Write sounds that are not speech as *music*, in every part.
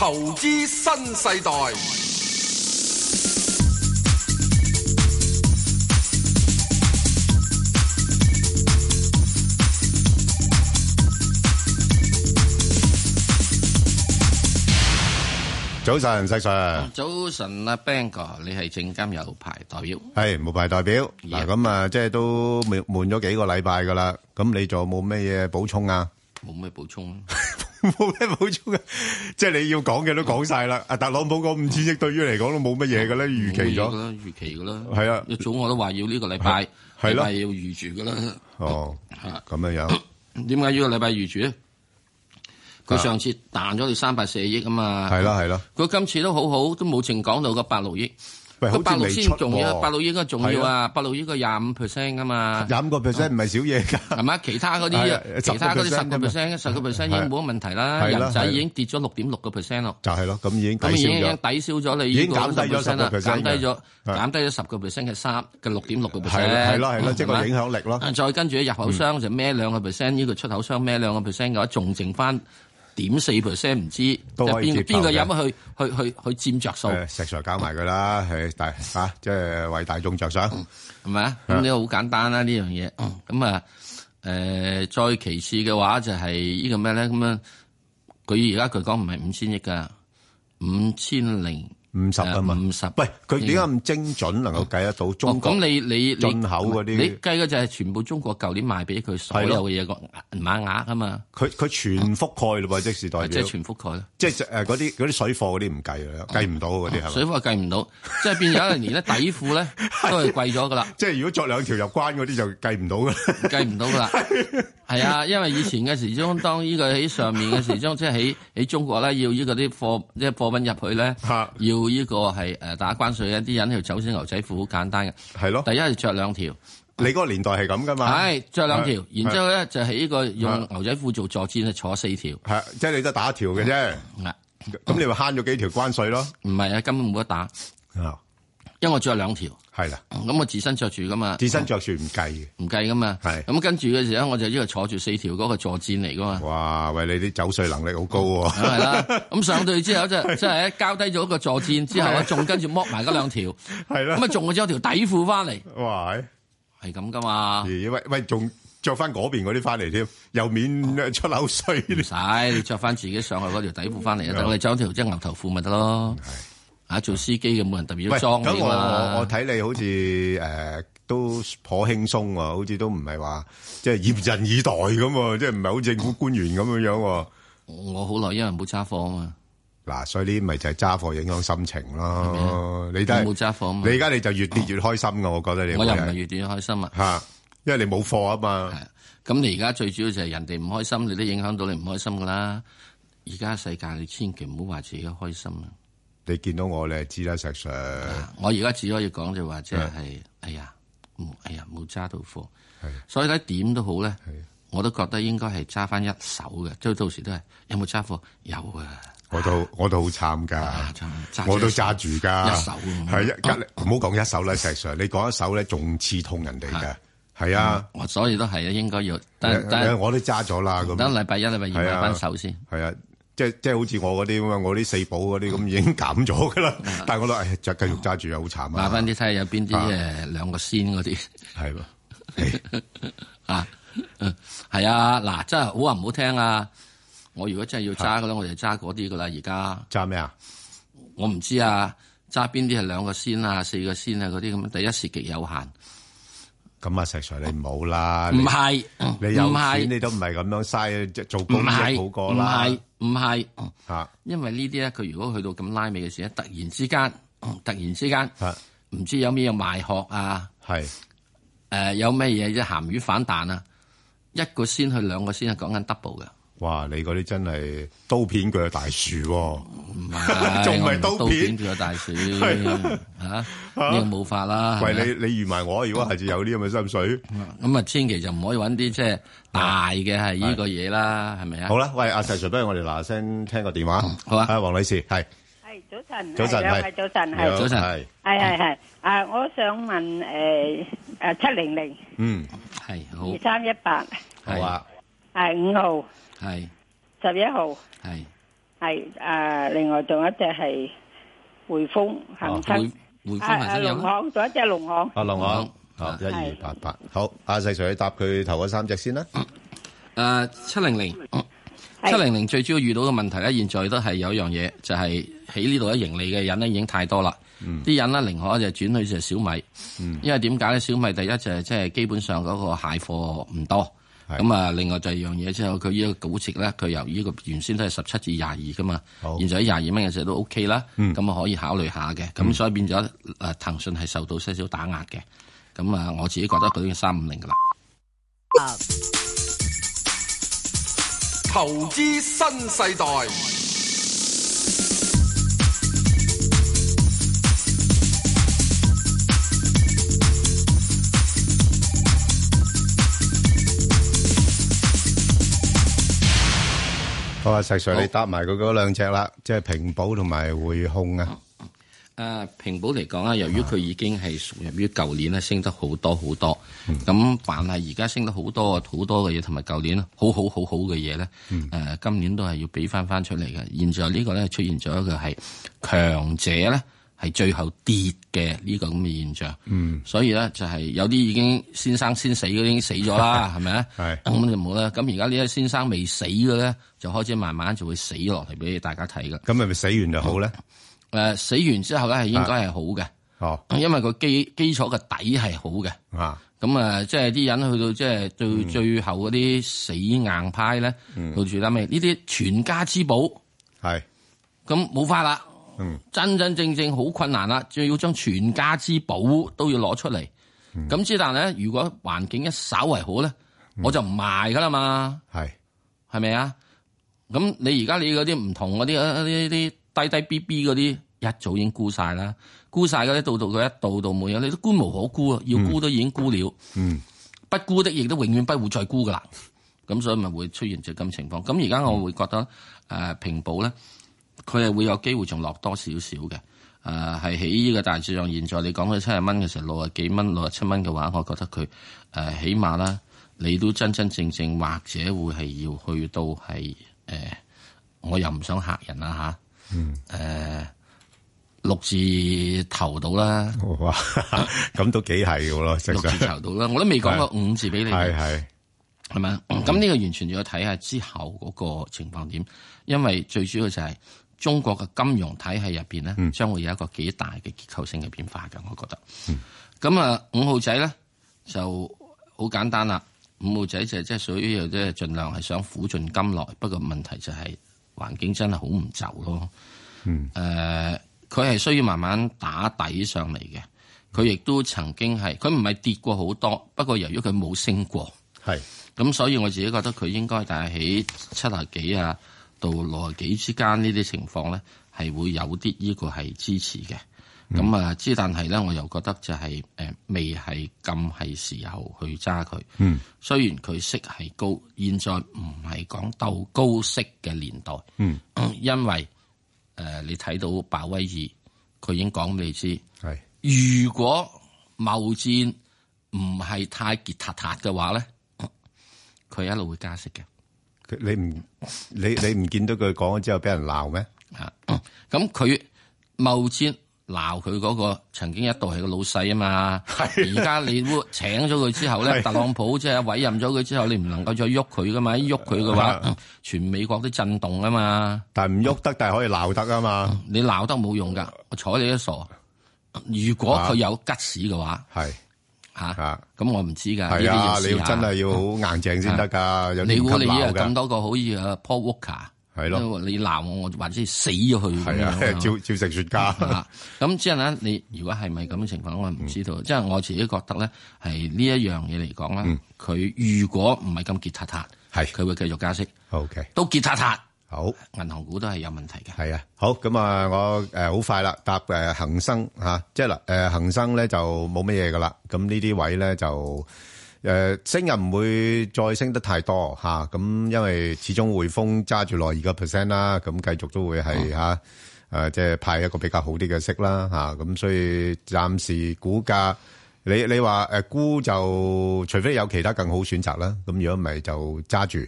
投資新世代。早晨，細 Sir。早晨啊，Bang 哥，你係證監有牌代表？係無牌代表。嗱，咁啊，即係都悶咗幾個禮拜噶啦。咁你仲有冇咩嘢補充啊？冇咩補充。冇咩補充嘅，即係你要講嘅都講晒啦。啊，特朗普講五千億，5, 億對於嚟講都冇乜嘢嘅咧，預期咗，預期㗎啦。係啊，一早我都話要呢個禮拜，係咯，啊、要預住㗎啦、啊。哦，吓咁樣樣。點解呢個禮拜預住咧？佢上次彈咗你三百四億啊嘛。係啦係啦。佢今、啊啊、次都好好，都冇淨講到個百六億。個百六先重要，百六應該重要啊，百六應該廿五 percent 噶嘛，廿五個 percent 唔係少嘢噶，係嘛？其他嗰啲啊，其他嗰啲十個 percent，十個 percent 已經冇乜問題啦，人仔已經跌咗六點六個 percent 咯，就係咯，咁已經咁已經已經抵消咗，你已經減低咗十個 percent，減低咗，減低咗十個 percent 係三嘅六點六個 percent，係咯係咯，即係個影響力咯，再跟住咧，入口商就孭兩個 percent，呢個出口商孭兩個 percent 嘅話，仲剩翻。點四 percent 唔知，邊邊個入去去去去，去佔着數？呃、石材交埋佢啦，係、嗯、大嚇，即、啊、係、就是、為大眾着想，係、嗯、咪、嗯、啊？咁呢個好簡單啦，呢樣嘢。咁啊，誒、呃，再其次嘅話就係呢個咩咧？咁樣佢而家佢講唔係五千億噶，五千零。五十啊嘛，五十，喂，佢點解咁精準，能夠計得到？中國咁、嗯嗯嗯嗯哦、你你進口啲，你計嘅就係全部中國舊年賣俾佢所有嘅嘢個碼額啊嘛！佢佢全覆蓋咯、嗯，即係代表、嗯、即係全覆蓋咯。即係誒嗰啲嗰啲水貨嗰啲唔計啦，計唔到嗰啲係嘛？水貨計唔到， *laughs* 即係變咗例如咧底褲咧 *laughs* 都係貴咗噶啦。即係如果着兩條入關嗰啲就計唔到噶，計唔到噶啦。係 *laughs* 啊，因為以前嘅時裝當呢個喺上面嘅時裝， *laughs* 即係喺喺中國咧要呢個啲貨即係貨品入去咧 *laughs* 要。做呢個係誒打關稅，一啲人要走私牛仔褲好簡單嘅係咯，的第一係着兩條，你嗰個年代係咁噶嘛？係着兩條，兩條的然之後咧的就係呢個用牛仔褲做坐墊，的坐四條係，即係你都打一條嘅啫。咁的你咪慳咗幾條關稅咯？唔係啊，根本冇得打啊。哦因為我著兩條，係啦，咁、嗯、我自身着住噶嘛，自身着住唔計嘅，唔計噶嘛。係咁跟住嘅時候，嗯、我就依個坐住四條嗰個坐墊嚟噶嘛。哇！喂，你啲走水能力好高喎、啊。啦、嗯，咁、 *laughs* 嗯、上到去之後，即係即係交低咗一個坐墊之後，仲跟住剝埋嗰兩條，啦，咁啊仲有咗條底褲翻嚟。哇！係咁噶嘛。喂喂，仲着翻嗰邊嗰啲翻嚟添？又免出口稅。唔使，你着翻自己上去嗰條底褲翻嚟啊！等我哋攞條即係牛頭褲咪得咯。啊，做司機嘅冇人特別要裝。咁我我睇你好似誒、呃、都頗輕鬆喎，好似都唔係話即係嚴陣以待咁喎，即係唔係好似政府官員咁樣樣喎、嗯。我好耐因為冇揸貨啊嘛。嗱、啊，所以呢咪就係揸貨影響心情咯。你、就是、都冇揸貨啊嘛。你而家你就越跌越開心嘅，我覺得你、嗯、我又唔係越跌越開心啊。吓，因為你冇貨啊嘛。咁你而家最主要就係人哋唔開心，你都影響到你唔開心噶啦。而家世界你千祈唔好話自己開心啊！你見到我，你知啦，石 Sir。我而家只可以講就話，即、就、係、係，哎呀，哎呀，冇揸到貨，所以睇點都好咧。我都覺得應該係揸翻一手嘅，即到時都係有冇揸貨？有啊。我都我都好慘㗎，我都揸住噶，一手，係一唔好講一手啦、哦，石 Sir。你講一手咧，仲刺痛人哋嘅，係啊。我、嗯、所以都係啊，應該要，但，但我都揸咗啦。咁，等禮拜一啊，禮拜二買翻手先。係啊。即即好似我嗰啲咁，我啲四寶嗰啲咁已經減咗噶啦， *laughs* 但係我覺得就、哎、繼續揸住又好慘啊！麻翻啲睇下有邊啲兩個仙嗰啲係喎啊，係 *laughs* 是嗎 *laughs* 啊嗱、嗯啊，真係好話唔好聽啊！我如果真係要揸嘅啦，我就揸嗰啲噶啦，而家揸咩啊？我唔知啊，揸邊啲係兩個仙啊，四個仙啊嗰啲咁，第一時極有限。咁啊，石 Sir 你唔好啦，唔係，你有錢你都唔係咁樣嘥即做工好過啦，唔係，啊，因為呢啲咧，佢如果去到咁拉尾嘅時候，突然之間，突然之間，唔知有咩嘢賣殼啊，係、啊，誒、啊，有咩嘢即鹹魚反彈啊，一個先去，兩個先係講緊 double 嘅。哇！你嗰啲真係刀片鋸大樹，啊，仲唔係刀片鋸 *laughs* 大樹 *laughs* 啊？呢、啊啊這個冇法啦。喂，啊啊、你你預埋我，如果下次有啲咁嘅心水，咁啊那麼千祈就唔可以揾啲即係大嘅係呢個嘢啦，係咪啊？好啦、啊，喂阿 Sir，不如我哋嗱聲聽個電話，好，好啊，阿、啊、黃女士係。係早晨，啊、早晨係早晨係早晨係係係係啊！我想問誒誒、呃、七零零嗯係好二三一八好啊係五號。係十一號，係係誒，另外仲有一隻係匯豐恒生，匯、啊、豐行有行，仲一隻農行，啊農行，一二八八，好，阿細財，你、啊、答佢頭嗰三隻先啦，誒七零零，七零零，最主要遇到嘅問題咧，現在都係有一樣嘢就係喺呢度一盈利嘅人咧已經太多啦，啲、嗯、人咧寧可就轉去就小米，嗯、因為點解咧？小米第一就係即係基本上嗰個蟹貨唔多。咁啊，另外第二樣嘢之後，佢依個估值咧，佢由依個原先都係十七至廿二噶嘛，現在喺廿二蚊嘅時候都 O K 啦，咁、嗯、啊可以考慮下嘅。咁、嗯、所以變咗誒，騰訊係受到些少打壓嘅。咁啊，我自己覺得佢已經三五零噶啦。投資新世代。我、哦、話石 Sir、哦、你搭埋佢嗰兩隻啦，即係平保同埋匯控啊。誒、哦呃，平保嚟講咧，由於佢已經係屬於於舊年咧升得好多好多，咁凡係而家升得好多好多嘅嘢，同埋舊年好好好好嘅嘢咧，誒、嗯呃，今年都係要俾翻翻出嚟嘅。現在呢個咧出現咗一個係強者咧。係最後跌嘅呢個咁嘅現象，嗯，所以咧就係有啲已經先生先死，嗰啲已經死咗啦，係咪啊？係咁就冇啦。咁而家呢啲先生未死嘅咧，就開始慢慢就會死落嚟俾大家睇㗎。咁係咪死完就好咧？誒、嗯呃，死完之後咧係應該係好嘅，哦，因為個基基礎嘅底係好嘅，啊，咁、嗯、啊、嗯，即係啲人去到即係最最後嗰啲死硬派咧，到住啦咩？呢啲全家之寶，係，咁冇法啦。嗯，真真正正好困難啦，仲要將全家之寶都要攞出嚟。咁、嗯、之但咧，如果環境一稍為好咧，我就唔賣噶啦嘛。係、嗯，係咪啊？咁你而家你嗰啲唔同嗰啲啲啲低低 B B 嗰啲，一早已經沽晒啦，沽晒嗰啲到到佢一到到冇，有你都沽無可沽啊，要沽都已經沽了。嗯，不沽的亦都永遠不會再沽噶啦。咁、嗯、所以咪會出現只咁情況。咁而家我會覺得誒、嗯呃、平保咧。佢係會有機會仲落多少少嘅，誒、呃、係起呢個大致上。現在你講佢七十蚊嘅時候，六十幾蚊、六十七蚊嘅話，我覺得佢誒、呃、起碼啦，你都真真正正或者會係要去到係誒、呃，我又唔想嚇人啦嚇，誒、啊嗯呃、六字頭到啦，咁都幾係嘅咯，六字頭到啦，我都未講過五字俾你，係係係咪啊？咁呢、嗯、個完全要睇下之後嗰個情況點，因為最主要就係、是。中國嘅金融體系入邊咧，將、嗯、會有一個幾大嘅結構性嘅變化嘅，我覺得。咁、嗯、啊，五號仔咧就好簡單啦。五號仔就即係屬於又即係盡量係想苦盡甘來，不過問題就係、是、環境真係好唔就咯。誒、嗯，佢、呃、係需要慢慢打底上嚟嘅。佢亦都曾經係佢唔係跌過好多，不過由於佢冇升過，係咁所以我自己覺得佢應該大概喺七啊幾啊。到六啊幾之間呢啲情況咧，係會有啲呢個係支持嘅。咁啊之，但係咧，我又覺得就係、是呃、未係咁係時候去揸佢、嗯。雖然佢息係高，現在唔係講鬥高息嘅年代。嗯、因為誒、呃、你睇到鮑威爾，佢已經講畀你知。係如果貿戰唔係太傑塔塔嘅話咧，佢一路會加息嘅。你唔你你唔見到佢講咗之後俾人鬧咩？啊、嗯，咁佢冒尖鬧佢嗰個曾經一度係個老細啊嘛。而家、啊、你請咗佢之後咧，啊、特朗普即係委任咗佢之後，你唔能夠再喐佢噶嘛？喐佢嘅話，啊、全美國都震動啊嘛。但係唔喐得，但係可以鬧得啊嘛。嗯、你鬧得冇用噶，我睬你一傻。如果佢有吉屎嘅話，啊吓，咁我唔知噶。係啊，啊你真要真係要好硬淨先得噶，你估你有咁多個好似啊 Paul Walker？係咯，你鬧我，我或者死咗去。係啊， *laughs* 照照成專家。咁之後咧，你如果係咪咁嘅情況，我唔知道。嗯、即係我自己覺得咧，係呢一樣嘢嚟講啦。佢、嗯、如果唔係咁結結塌係佢會繼續加息。O、okay. K. 都結結塌。好，銀行股都係有問題嘅。係啊，好咁、呃呃、啊，我誒好快啦，答誒恒生吓，即係啦誒恒生咧就冇乜嘢噶啦，咁呢啲位咧就誒升又唔會再升得太多吓，咁、啊、因為始終滙豐揸住落二個 percent 啦，咁繼續都會係吓誒，即、哦、係、啊就是、派一個比較好啲嘅息啦吓，咁、啊、所以暫時股價你你話誒、沽、就除非有其他更好選擇啦，咁如果唔係就揸住。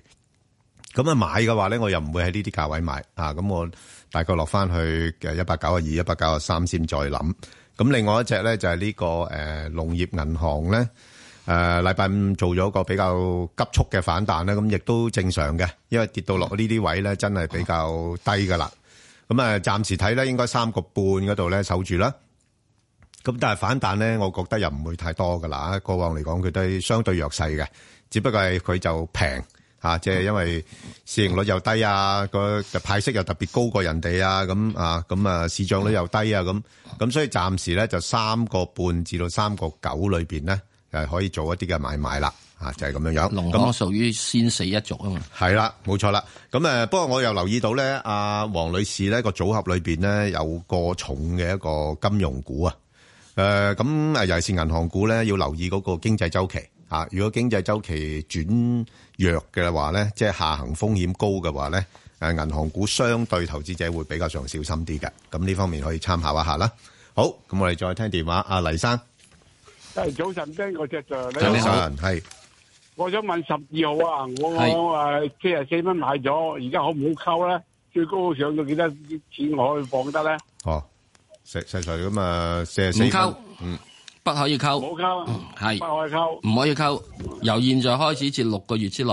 咁啊，買嘅話咧，我又唔會喺呢啲價位買啊！咁我大概落翻去誒一百九啊二、一百九啊三先再諗。咁另外一隻咧就係呢、這個誒、呃、農業銀行咧，誒禮拜五做咗個比較急速嘅反彈咧，咁亦都正常嘅，因為跌到落呢啲位咧，真係比較低噶啦。咁啊，暫時睇咧應該三個半嗰度咧守住啦。咁但係反彈咧，我覺得又唔會太多噶啦。過往嚟講，佢都係相對弱勢嘅，只不過係佢就平。啊，即係因為市盈率又低啊，個派息又特別高過人哋啊，咁啊，咁啊市賬率又低啊，咁咁所以暫時咧就三個半至到三個九裏邊咧，就係可以做一啲嘅買賣啦，啊，就係咁樣樣。咁我屬於先死一族啊嘛。係啦，冇錯啦。咁誒，不過我又留意到咧，阿黃女士咧個組合裏邊咧有個重嘅一個金融股啊，誒，咁誒尤其是銀行股咧要留意嗰個經濟周期。啊！如果經濟周期轉弱嘅話咧，即係下行風險高嘅話咧，誒銀行股相對投資者會比較上小心啲嘅。咁呢方面可以參考一下啦。好，咁我哋再聽電話，阿黎生。誒，早晨，聽只早晨，係。我想問十二號啊，我我誒四十四蚊買咗，而家好唔好溝咧？最高上到幾多錢我可以放得咧？哦，細細咁啊，四十四。能溝，嗯。不可以溝，唔好溝，係唔可以溝。唔可以溝。由現在開始至六個月之內，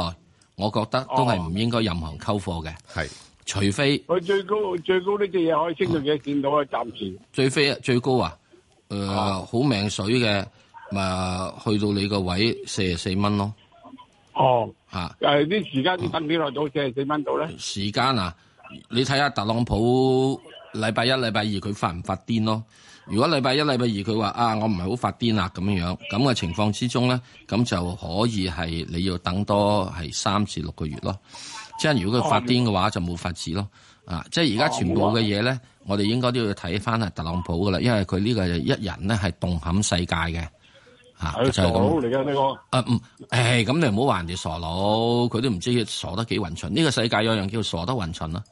我覺得都係唔應該任何溝貨嘅。係、哦，除非佢最高最高呢啲嘢可以升到幾多？見到啊，暫時。最飛最高啊，誒、呃哦、好命水嘅，咪、呃、去到你個位四十四蚊咯。哦，嚇、啊！誒、呃、啲時間要等幾耐到四十四蚊度咧？時間啊，你睇下特朗普禮拜一、禮拜二佢發唔發癲咯？如果禮拜一、禮拜二佢話啊，我唔係好發癲啦咁樣樣，咁嘅情況之中咧，咁就可以係你要等多係三至六個月咯。即係如果佢發癲嘅話，哦、就冇法治咯。啊，即係而家全部嘅嘢咧，我哋應該都要睇翻係特朗普噶啦，因為佢呢個一人咧係動撼世界嘅。嚇、啊，傻佬嚟呢個。啊唔，咁、嗯哎、你唔好話人哋傻佬，佢都唔知傻得幾勻循。呢、呢個世界有樣叫傻得勻循啦。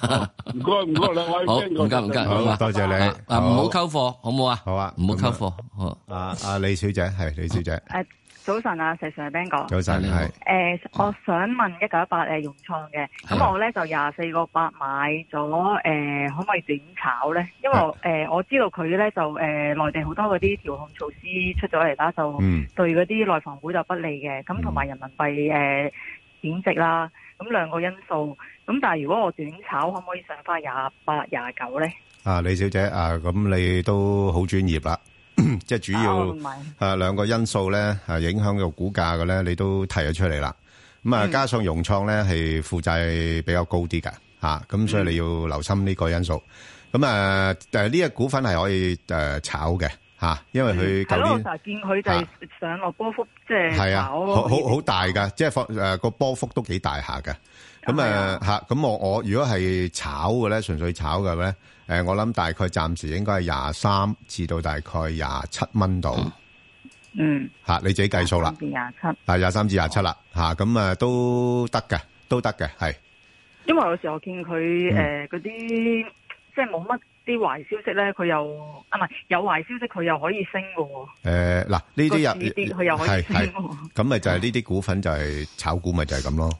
唔該唔該啦，兩位。係 Ben 唔該唔該，多謝你。啊，唔好溝貨，啊，好唔好啊？好啊，唔好溝貨。啊阿李小姐係李小姐。誒、啊，早晨啊，石尚係 Ben 哥。早晨係。誒、呃，我想問一九一八誒融創嘅，咁、嗯、我咧就廿四個八買咗，誒、呃，可唔可以短炒咧？因為誒、嗯呃、我知道佢咧就誒內、呃、地好多嗰啲調控措施出咗嚟啦，就對嗰啲內房股就不利嘅。咁同埋人民幣誒貶值啦，咁兩個因素。咁但係如果我短炒可唔可以上翻廿八廿九咧？啊，李小姐啊，咁你都好專業啦，即係主要啊兩個因素咧係影響個股價嘅咧，你都提咗出嚟。啦咁啊，加上融創咧係負債比較高啲嘅,吓，咁所以你要留心呢個因素。咁啊，誒呢隻股份係可以誒炒嘅吓，因為佢頭先見佢就上落波幅，即係係啊，好好好大噶，即係誒個波幅都幾大下嘅。咁啊，吓、啊、咁我我如果係炒嘅咧，純粹炒嘅咧，誒、呃，我諗大概暫時應該係廿三至到大概廿七蚊度。嗯，吓、啊、你自己計數啦。廿七，啊廿三至廿七啦，吓咁啊都得嘅，都得嘅係。因為有時我見佢誒嗰啲即係冇乜啲壞消息咧，佢又啊唔係有壞消息，佢又可以升喎。誒、啊、嗱，呢啲又跌佢又可以升。咁咪就係呢啲股份就係炒股咪就係咁咯。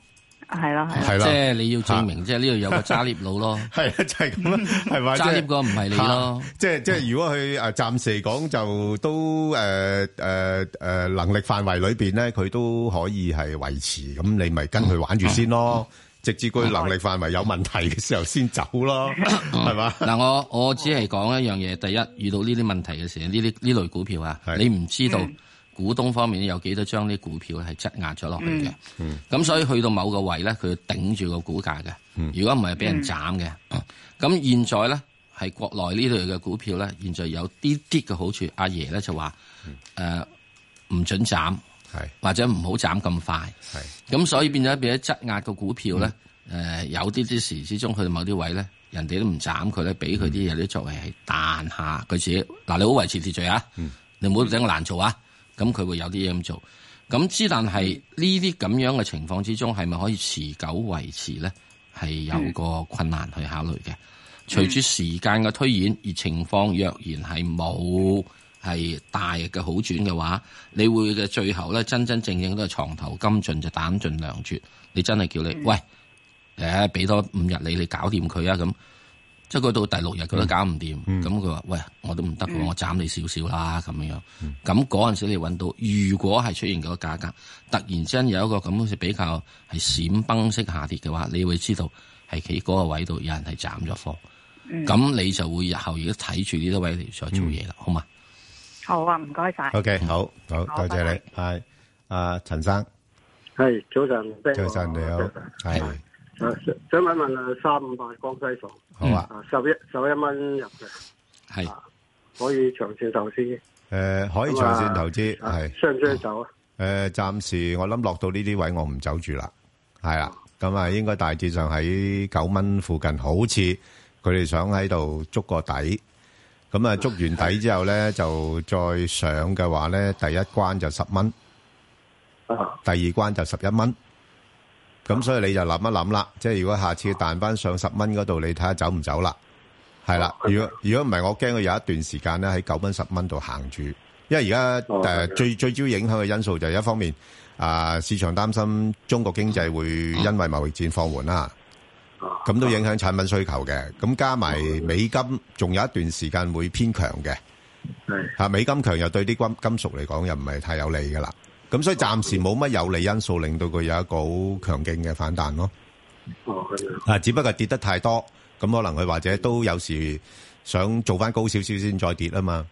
係咯，係即係你要證明，即係呢度有個揸獵佬咯。係 *laughs* 就係咁咯，係咪？揸獵個唔係你咯。即係即係，如果佢誒暫時嚟講就都誒誒誒能力範圍裏邊咧，佢都可以係維持。咁你咪跟佢玩住先咯。嗯、直至佢能力範圍有問題嘅時候先走咯，係、嗯、嘛？嗱、嗯，我我只係講一樣嘢。第一，遇到呢啲問題嘅時候，呢啲呢類股票啊，你唔知道。嗯股東方面有幾多張啲股票係質押咗落去嘅，咁、嗯、所以去到某個位咧，佢頂住個股價嘅、嗯。如果唔係俾人斬嘅，咁、嗯、現在咧係國內呢類嘅股票咧，現在有啲啲嘅好處。阿爺咧就話唔、嗯呃、准斬，或者唔好斬咁快。咁所以變咗變咗質押個股票咧、嗯呃，有啲啲時之中去到某啲位咧，人哋都唔斬佢咧，俾佢啲嘢啲作為係彈下佢自己，嗱、嗯，你好維持秩序啊，嗯、你唔好整我難做啊！咁佢會有啲嘢咁做，咁之但係呢啲咁樣嘅情況之中，係咪可以持久維持咧？係有個困難去考慮嘅。隨住時間嘅推演，而情況若然係冇係大嘅好轉嘅話，你會嘅最後咧，真真正正都係床頭金盡就彈盡糧絕。你真係叫你喂，誒俾多五日你，你搞掂佢啊咁。即係佢到第六日，佢都搞唔掂，咁佢話，喂，我都唔得嘅，我斬你少少啦，咁樣。咁嗰陣時你搵到，如果係出現嗰個價格突然之間有一個咁樣比較係閃崩式下跌嘅話，你會知道係企嗰個位度有人係斬咗貨，咁、嗯、你就會日後如果睇住呢啲位嚟再做嘢啦、嗯，好嘛？好啊，唔該晒。O K，好，好，多謝你，係，阿、啊、陳生，係，早晨，早晨你好，係。呃、想問一問、啊，三五八江西房，好啊，啊十一十一蚊入嘅，係可以長線投資。誒、啊，可以長線投資係、呃啊啊。需唔需要走啊？誒、啊，暫、呃、時我諗落到呢啲位，我唔走住啦。係啦咁啊，啊應該大致上喺九蚊附近，好似佢哋想喺度捉個底。咁啊，捉完底之後咧、啊，就再上嘅話咧，第一關就十蚊，啊，第二關就十一蚊。咁所以你就諗一諗啦，即係如果下次彈翻上十蚊嗰度，你睇下走唔走啦？係啦，如果如果唔係，我驚佢有一段時間咧喺九蚊十蚊度行住，因為而家、哦、最最主要影響嘅因素就係一方面啊，市場擔心中國經濟會因為貿易戰放緩啦，咁都影響產品需求嘅。咁加埋美金仲有一段時間會偏強嘅、啊，美金強又對啲金金屬嚟講又唔係太有利㗎啦。咁所以暫時冇乜有利因素令到佢有一個好強勁嘅反彈咯。哦，係啊。啊，只不過跌得太多，咁可能佢或者都有時想做翻高少少先再跌啊嘛。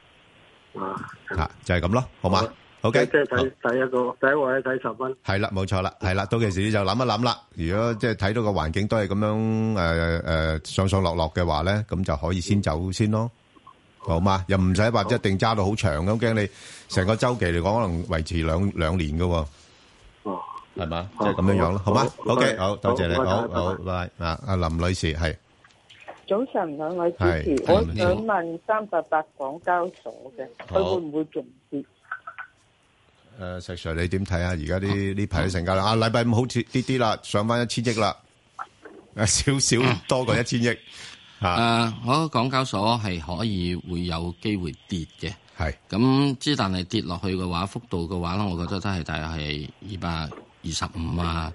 啊，啊，就係咁咯，好嘛？O K，即係睇第一個，第一個位睇十蚊。係啦，冇錯啦，係啦，到時你就諗一諗啦。如果即係睇到個環境都係咁樣誒誒上上落落嘅話咧，咁就可以先走先咯。好嘛，又唔使話一定揸到好長咁驚你。成個周期嚟講，可能維持兩兩年噶，係嘛，即係咁樣樣咯，好嘛？OK，好，多謝你，好好，拜，啊，阿林女士，係早晨，兩位主持，我想問三八八港交所嘅，佢會唔會仲跌？誒，石 Sir，你點睇啊？而家啲呢排啲成交啦，啊，禮拜五好似啲啲啦，上翻一千億啦，少少多過一千億。誒，我港交所係可以會有機會跌嘅。係咁之，但係跌落去嘅話，幅度嘅話咧，我覺得都係大約係二百二十五啊，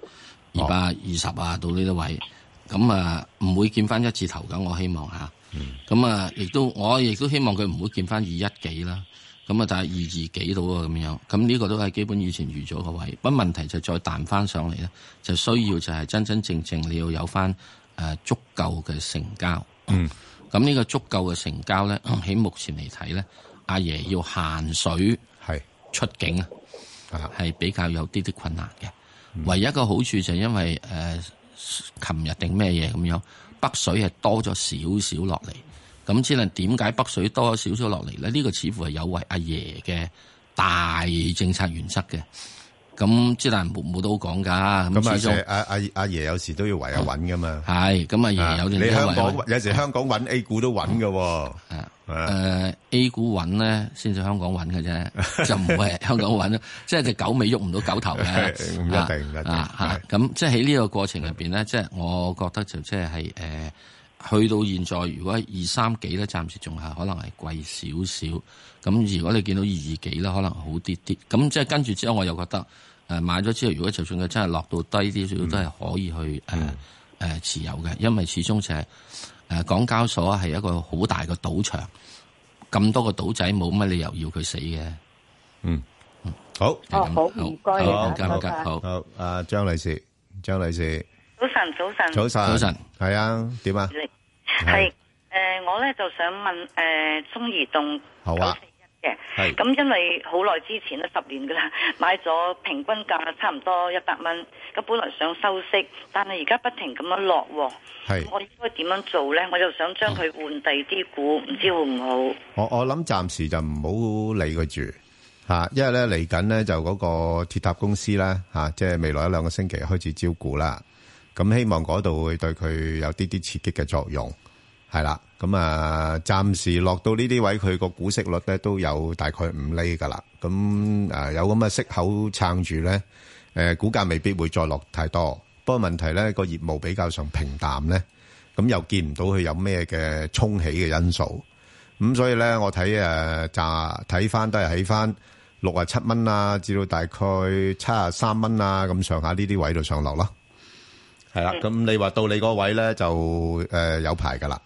二百二十啊，哦、到呢啲位咁啊，唔會見翻一字頭咁，我希望吓。咁、嗯、啊，亦都我亦都希望佢唔會見翻二一幾啦。咁啊，但係二二幾到啊，咁樣。咁呢個都係基本以前預咗個位，不問題就再彈翻上嚟咧，就需要就係真真正，正正你要有翻誒、啊、足夠嘅成交。嗯。咁呢個足夠嘅成交咧，喺目前嚟睇咧。阿爺要限水係出境啊，係比較有啲啲困難嘅。唯一,一個好處就係因為誒，琴、呃、日定咩嘢咁樣，北水係多咗少少落嚟，咁只能點解北水多咗少少落嚟咧？呢、這個似乎係有違阿爺嘅大政策原則嘅。咁朱丹冇冇都好講噶，咁啊阿阿阿爺有時都要為阿揾噶嘛，係、啊，咁阿爺有啲、啊、香港有時香港揾、啊、A 股都揾㗎喎，A 股揾咧先至香港揾嘅啫， *laughs* 就唔會香港揾咯，即係隻狗尾喐唔到狗頭嘅，咁 *laughs* 一定嘅，嚇，咁即係喺呢個過程入邊咧，即係我覺得就即係係去到現在，如果二三幾咧，暫時仲係可能係貴少少，咁如果你見到二二幾咧，可能好啲啲，咁即係跟住之後我又覺得。買咗之後，如果就算佢真係落到低啲，嗯，都都係可以去誒誒、呃嗯、持有嘅，因為始終就係、是、誒、呃、港交所係一個好大嘅賭場，咁多個賭仔冇乜理由要佢死嘅。嗯嗯，好，哦好，唔該，唔該，唔該，好，好，阿張、啊、女士，張女士，早晨，早晨，早晨，早晨，係啊，點啊？係誒、呃，我咧就想問誒，中移動好啊。嘅，咁因為好耐之前十年噶啦，買咗平均價差唔多一百蚊，咁本來想收息，但係而家不停咁樣落，係我應該點樣做咧？我就想將佢換第啲股，唔、啊、知好唔好？我我諗暫時就唔好理佢住，吓，因為咧嚟緊咧就嗰個鐵塔公司啦，吓、啊，即係未來一兩個星期開始招股啦，咁希望嗰度會對佢有啲啲刺激嘅作用。係啦，咁啊，暫時落到呢啲位，佢個股息率咧都有大概五厘噶啦。咁啊，有咁嘅息口撐住咧，誒，股價未必會再落太多。不過問題咧，個業務比較上平淡咧，咁又見唔到佢有咩嘅衝起嘅因素。咁所以咧，我睇誒，就睇翻都係喺翻六啊七蚊啊，至到大概七啊三蚊啊，咁上下呢啲位度上落咯。係、嗯、啦，咁你話到你嗰位咧，就誒、呃、有排噶啦。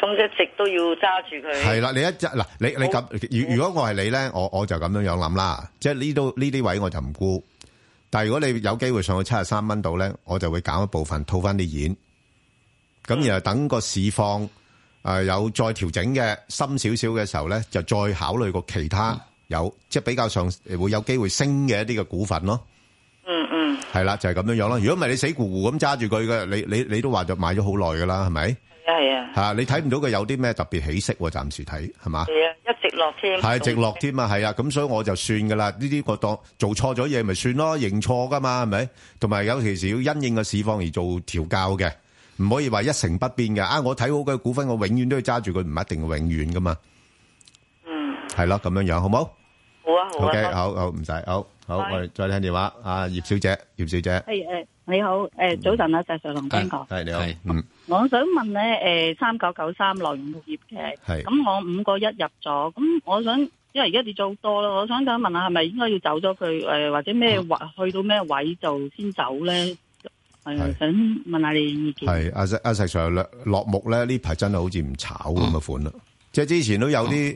咁一直都要揸住佢。係啦，你一揸嗱，你你咁，如如果我係你咧，我我就咁樣樣諗啦，即係呢度呢啲位我就唔沽。但係如果你有機會上去七十三蚊度咧，我就會減一部分，套翻啲錢。咁然後等個市況誒有再調整嘅深少少嘅時候咧，就再考慮過其他有即係比較上會有機會升嘅一啲嘅股份咯。嗯嗯。係啦，就係咁樣樣咯。如果唔係你死咕咕咁揸住佢嘅，你你你都話就買咗好耐噶啦，係咪？係啊，吓你睇唔到佢有啲咩特別起色、啊，暫時睇係嘛？係啊，一直落添，係直落添啊，係啊，咁所以我就算噶啦，呢啲個當做錯咗嘢咪算咯，認錯噶嘛，係咪？同埋有其時要因應個市況而做調教嘅，唔可以話一成不變嘅。啊，我睇好佢嘅股份，我永遠都要揸住佢，唔一定永遠噶嘛。嗯，係咯、啊，咁樣樣好冇？好啊，好啊。O、okay, K，好，好唔使，好好，Bye. 我哋再聽電話。阿、啊、葉小姐，葉小姐。Hey, hey. 你好，誒，早晨啊，阿石 Sir，邊個？係你好，嗯，我想問咧，誒，三九九三洛陽鉬業嘅，係，咁我五個一入咗，咁我想，因為而家跌咗好多啦，我想想問下，係咪應該要走咗佢，誒，或者咩位，去到咩位就先走咧？係想問下你意見。係阿石阿石 Sir 落落幕咧，呢排真係好似唔炒咁嘅款啦，即係之前都有啲。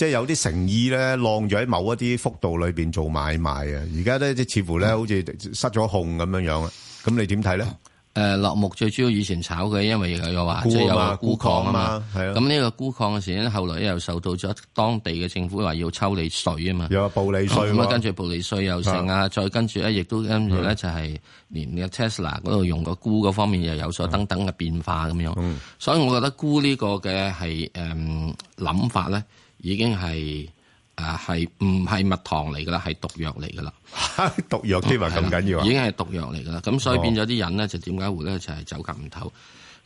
即係有啲誠意咧，浪咗喺某一啲幅度裏面做買賣啊！而家咧，即似乎咧，好似失咗控咁樣啊！咁你點睇咧？誒、呃，落木最主要以前炒嘅，因為又話即係有沽礦啊嘛。係啊，啊。咁呢個沽礦嘅事呢後來又受到咗當地嘅政府話要抽你稅啊嘛。有個暴利稅。咁、嗯、啊，跟住暴利稅又成啊，啊再跟住咧，亦都跟住咧，就係、是、連嘅 Tesla 嗰度用個沽嗰方面又有所等等嘅變化咁樣、啊。所以，我覺得沽、嗯、呢個嘅係誒諗法咧。已經係啊，係唔係蜜糖嚟噶啦？係毒藥嚟噶啦！ *laughs* 毒藥先話咁緊要已經係毒藥嚟噶啦，咁、哦、所以變咗啲人咧，就點解會咧？就係、是、走格唔透。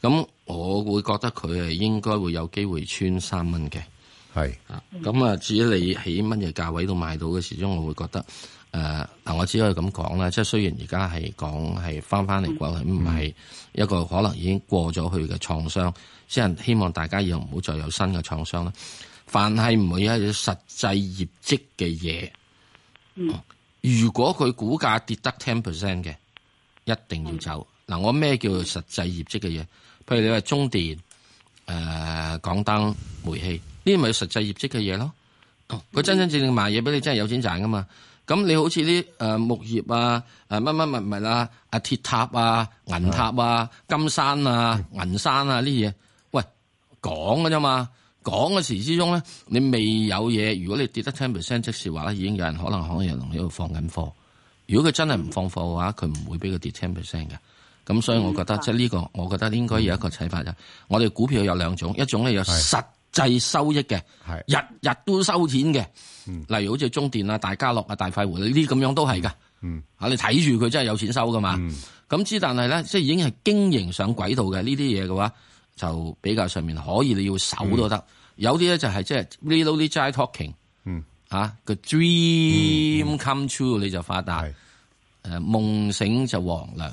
咁我會覺得佢係應該會有機會穿三蚊嘅。係啊，咁啊，至於你喺乜嘢價位度買到嘅，始終我會覺得誒嗱、呃，我只可以咁講啦。即係雖然而家係講係翻翻嚟過，唔、嗯、係一個可能已經過咗去嘅創傷，嗯、即係希望大家以後唔好再有新嘅創傷啦。但係唔係有實際業績嘅嘢，如果佢股價跌得 ten percent 嘅，一定要走。嗱、嗯啊，我咩叫實際業績嘅嘢？譬如你話中電、誒、呃、港燈、煤氣，呢啲咪實際業績嘅嘢咯？佢、嗯、真真正正賣嘢俾你，真係有錢賺噶嘛？咁你好似啲誒木業啊、誒乜乜物物啊、乜乜乜乜啊鐵塔啊、銀塔啊、嗯、金山啊、銀、嗯、山啊呢啲嘢，喂，講噶啫嘛。講嘅時之中咧，你未有嘢。如果你跌得10%，即係話咧，已經有人可能可能有人喺度放緊貨。如果佢真係唔放貨嘅話，佢唔會俾佢跌10%嘅。咁所以，我覺得、嗯、即係呢個，我覺得應該有一個睇法就、嗯，我哋股票有兩種，一種咧有實際收益嘅，日日都收錢嘅。例如好似中電啊、大家樂啊、大快活呢啲咁樣都係噶、嗯。你睇住佢真係有錢收噶嘛？咁、嗯、之但係咧，即係已經係經營上軌道嘅呢啲嘢嘅話。就比較上面可以，你要守都得。嗯、有啲咧就係即係 r i l e little talking，嗯、啊，嚇個 dream come true 你就發達誒、嗯嗯、夢醒就黃粱，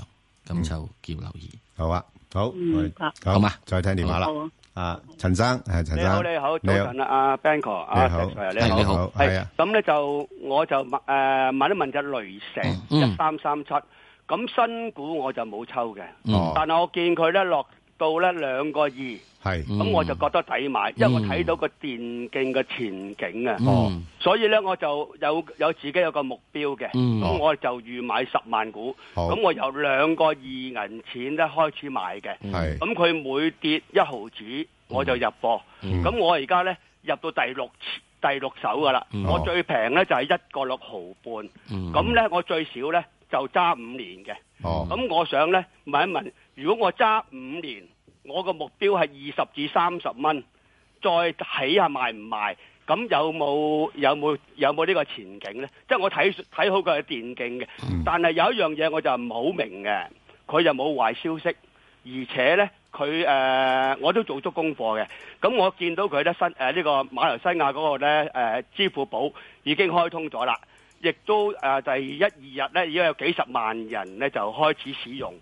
咁、嗯、就叫留意。好啊，好，嗯、好嘛、啊，再聽電話啦。啊，陳生，係、啊、陳生。你好，你好，早晨啊阿 Banker，你好，你好，啊、你好，係啊。咁咧、啊啊啊、就我就、呃、問問，問一問隻雷蛇一三三七，咁、嗯嗯、新股我就冇抽嘅、嗯，但係我見佢咧落。到咧兩個二，咁、嗯、我就覺得抵買，因為我睇到個電競嘅前景啊、嗯嗯，所以咧我就有有自己有個目標嘅，咁、嗯、我就預買十萬股，咁我由兩個二銀錢咧開始買嘅，咁佢每跌一毫子我就入貨，咁、嗯、我而家咧入到第六第六手噶啦，我最平咧就係一個六毫半，咁、嗯、咧我最少咧就揸五年嘅，咁、嗯、我想咧問一問，如果我揸五年？我個目標係二十至三十蚊，再睇下賣唔賣，咁有冇有冇有冇呢個前景咧？即係我睇睇好佢係電競嘅，但係有一樣嘢我就唔好明嘅，佢就冇壞消息，而且咧佢誒我都做足功課嘅，咁我見到佢咧新誒呢個馬來西亞嗰個咧誒支付寶已經開通咗啦，亦都誒第一二日咧已經有幾十萬人咧就開始使用。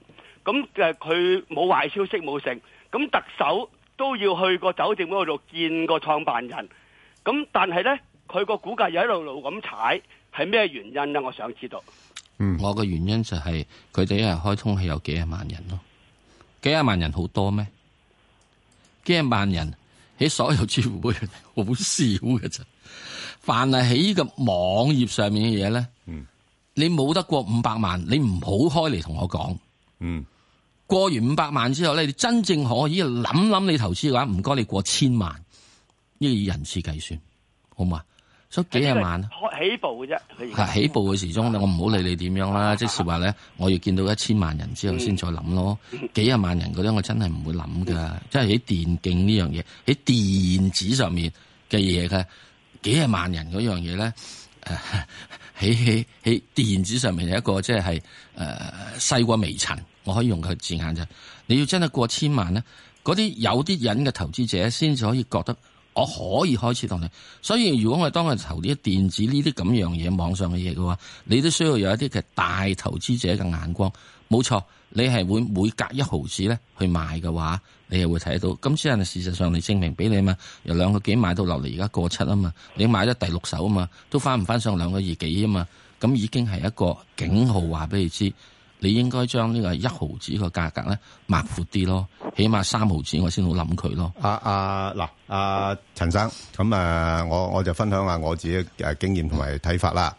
咁誒，佢冇壞消息冇成，咁特首都要去個酒店嗰度見個創辦人，咁但係咧，佢個股價又一路路咁踩，係咩原因咧？我想知道。嗯，我個原因就係佢哋一日開通係有幾廿萬人咯，幾廿萬人好多咩？幾廿萬人喺所有住戶好少嘅啫。凡係喺呢個網頁上面嘅嘢咧，嗯，你冇得過五百萬，你唔好開嚟同我講，嗯。過完五百萬之後咧，你真正可以諗諗你投資嘅話，唔該你過千萬，呢個以人次計算，好嘛？所以幾十萬，起步嘅啫。起步嘅時候，我唔好理你點樣啦。即、就是話咧，我要見到一千萬人之後先再諗咯、嗯。幾十萬人嗰啲，我真係唔會諗噶、嗯。即係喺電競呢樣嘢，喺電子上面嘅嘢嘅，幾十萬人嗰樣嘢咧，誒喺喺喺電子上面有一個即係誒細過微塵。我可以用佢字眼就係，你要真係過千萬咧，嗰啲有啲人嘅投資者先至可以覺得我可以開始同你。所以如果我係當日投啲電子呢啲咁樣嘢網上嘅嘢嘅話，你都需要有一啲嘅大投資者嘅眼光。冇錯，你係會每隔一毫子咧去買嘅話，你又會睇到。咁之係事實上嚟證明俾你嘛，由兩個幾買到落嚟而家過七啊嘛，你買咗第六手啊嘛，都翻唔翻上兩個二幾啊嘛，咁已經係一個警號，話俾你知。你應該將呢個一毫子個價格咧，擘闊啲咯，起碼三毫子我、啊啊啊、先好諗佢咯。阿啊嗱，阿陳生，咁啊，我我就分享下我自己嘅經驗同埋睇法啦。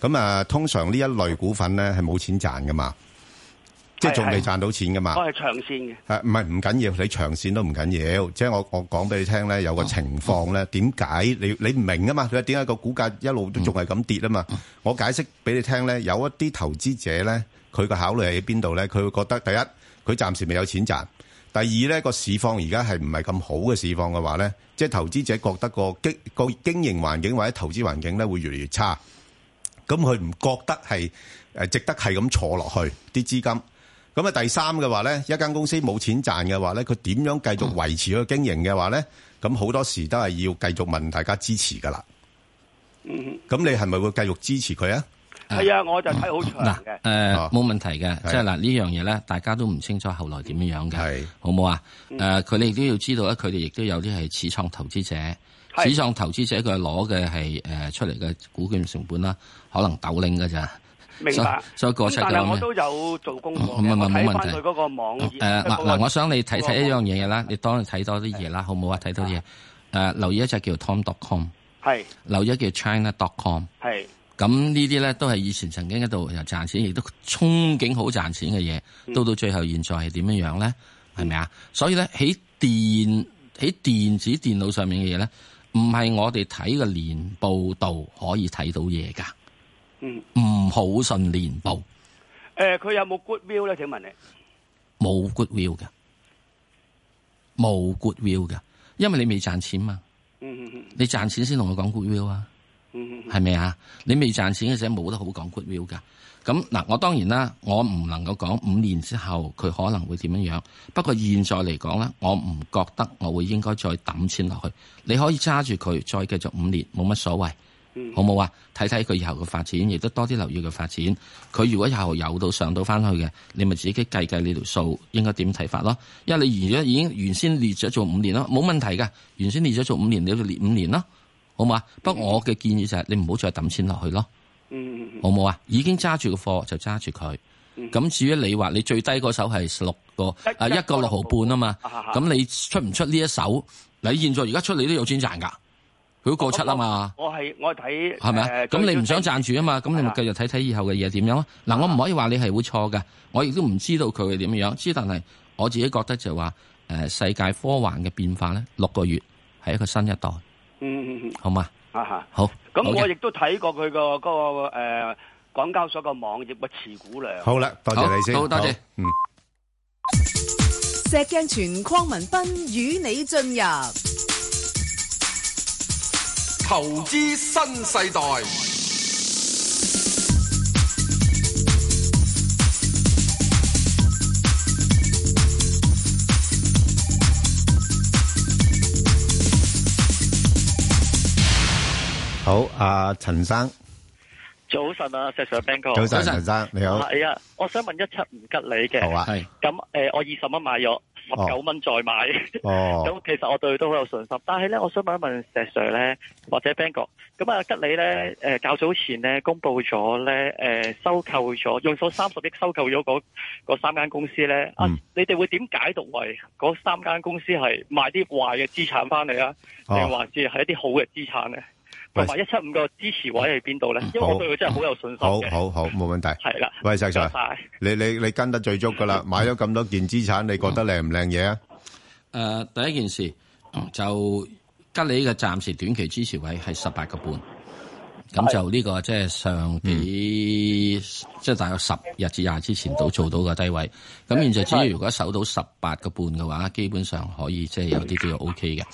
咁、嗯、啊，通常呢一類股份咧係冇錢賺噶嘛，嗯、即係仲未賺到錢噶嘛。我係長線嘅，誒唔係唔緊要，你長線都唔緊要，要。即係我我講俾你聽咧，有個情況咧，點、嗯、解你你唔明噶嘛？佢點解個股價一路都仲係咁跌啊嘛、嗯？我解釋俾你聽咧，有一啲投資者咧。佢嘅考慮喺邊度呢？佢會覺得第一，佢暫時未有錢賺；第二呢，個市況而家係唔係咁好嘅市況嘅話呢，即係投資者覺得個經個經營環境或者投資環境呢會越嚟越差，咁佢唔覺得係值得係咁坐落去啲資金。咁啊第三嘅話呢，一間公司冇錢賺嘅話呢，佢點樣繼續維持佢個經營嘅話呢？咁好多時都係要繼續問大家支持噶啦。咁你係咪會繼續支持佢啊？係啊，我就睇好長嗱，誒、啊，冇、啊啊啊啊、問題嘅、啊，即係嗱呢樣嘢咧，大家都唔清楚後來點樣樣嘅，好冇、嗯、啊？誒，佢哋亦都要知道，一佢哋亦都有啲係始創投資者，始創投資者佢攞嘅係誒出嚟嘅股權成本啦、嗯，可能斗拎㗎咋明白？所以個七嘅。嗱、就是，我都有做功課，睇翻佢嗰個網。誒，嗱，啊問題啊、我想你睇睇一樣嘢啦，你當然睇多啲嘢啦，好冇啊？睇多啲嘢。誒、啊，留意一隻叫 Tom.com，係留意一隻叫 China.com，係。咁呢啲咧都係以前曾經喺度又賺錢，亦都憧憬好賺錢嘅嘢，到到最後現在係點樣樣咧？係咪啊？所以咧喺電喺電子電腦上面嘅嘢咧，唔係我哋睇個年報度可以睇到嘢噶。嗯，唔好信年報。誒、欸，佢有冇 goodwill 咧？請問你冇 goodwill 嘅，冇 goodwill 嘅，因為你未賺錢嘛。嗯嗯，你賺錢先同佢講 goodwill 啊。係咪啊？你未賺錢嘅時候冇得好講 goodwill 㗎。咁嗱，我當然啦，我唔能夠講五年之後佢可能會點樣。不過現在嚟講咧，我唔覺得我會應該再揼錢落去。你可以揸住佢再繼續五年，冇乜所謂，好冇啊？睇睇佢以後嘅發展，亦都多啲留意佢發展。佢如果以後有到上到翻去嘅，你咪自己計計你條數，應該點睇法咯？因為你而家已經原先列咗做五年咯，冇問題㗎。原先列咗做五年，你就列五年咯。好嘛？不過我嘅建議就係你唔好再抌錢落去咯。嗯，嗯好唔好啊？已經揸住個貨就揸住佢。咁、嗯、至於你話你最低嗰手係十六個、嗯、啊，一個六毫半啊嘛。咁、啊啊、你出唔出呢一手、啊啊你出出一手啊啊？你現在而家出你都有錢賺噶，佢、啊、過七啊嘛。我係我係睇係咪咁你唔想賺住啊嘛？咁、啊、你咪繼續睇睇以後嘅嘢點樣咯。嗱、啊啊，我唔可以話你係會錯嘅，我亦都唔知道佢會點樣知之但係我自己覺得就係話誒、啊，世界科幻嘅變化咧，六個月係一個新一代。嗯，好嘛，啊吓，好。咁我亦都睇過佢個嗰個誒，港交所個網頁嘅持股量。好啦，多謝你先，好，好多謝。嗯、石鏡泉、鄺文斌與你進入投資新世代。好，阿、啊、陳生，早晨啊，石 Sir，Bang 哥，早晨，陳生你好。係啊，我想問一七唔吉里嘅，係、啊。咁誒、呃，我二十蚊買咗，十九蚊再買。哦。咁 *laughs* 其實我對佢都好有信心，但係咧，我想問一問石 Sir 咧，或者 Bang 哥，咁啊吉利呢，吉利咧，誒，較早前咧公布咗咧，誒、呃，收購咗，用咗三十億收購咗嗰三間公司咧。嗯。啊、你哋會點解讀為嗰三間公司係賣啲壞嘅資產翻嚟啊？定、哦、還是係一啲好嘅資產咧？同埋一七五個支持位喺邊度咧？因為我對佢真係好有信心。好好好，冇問題。係啦，喂，石 s 你你你跟得最足噶啦，買咗咁多件資產，你覺得靚唔靚嘢啊？誒、呃，第一件事就吉利嘅暫時短期支持位係十八個半，咁就呢個即係上幾即係、嗯就是、大約十日至廿之前到做到個低位。咁現在只要如果守到十八個半嘅話，基本上可以即係有啲叫 O K 嘅。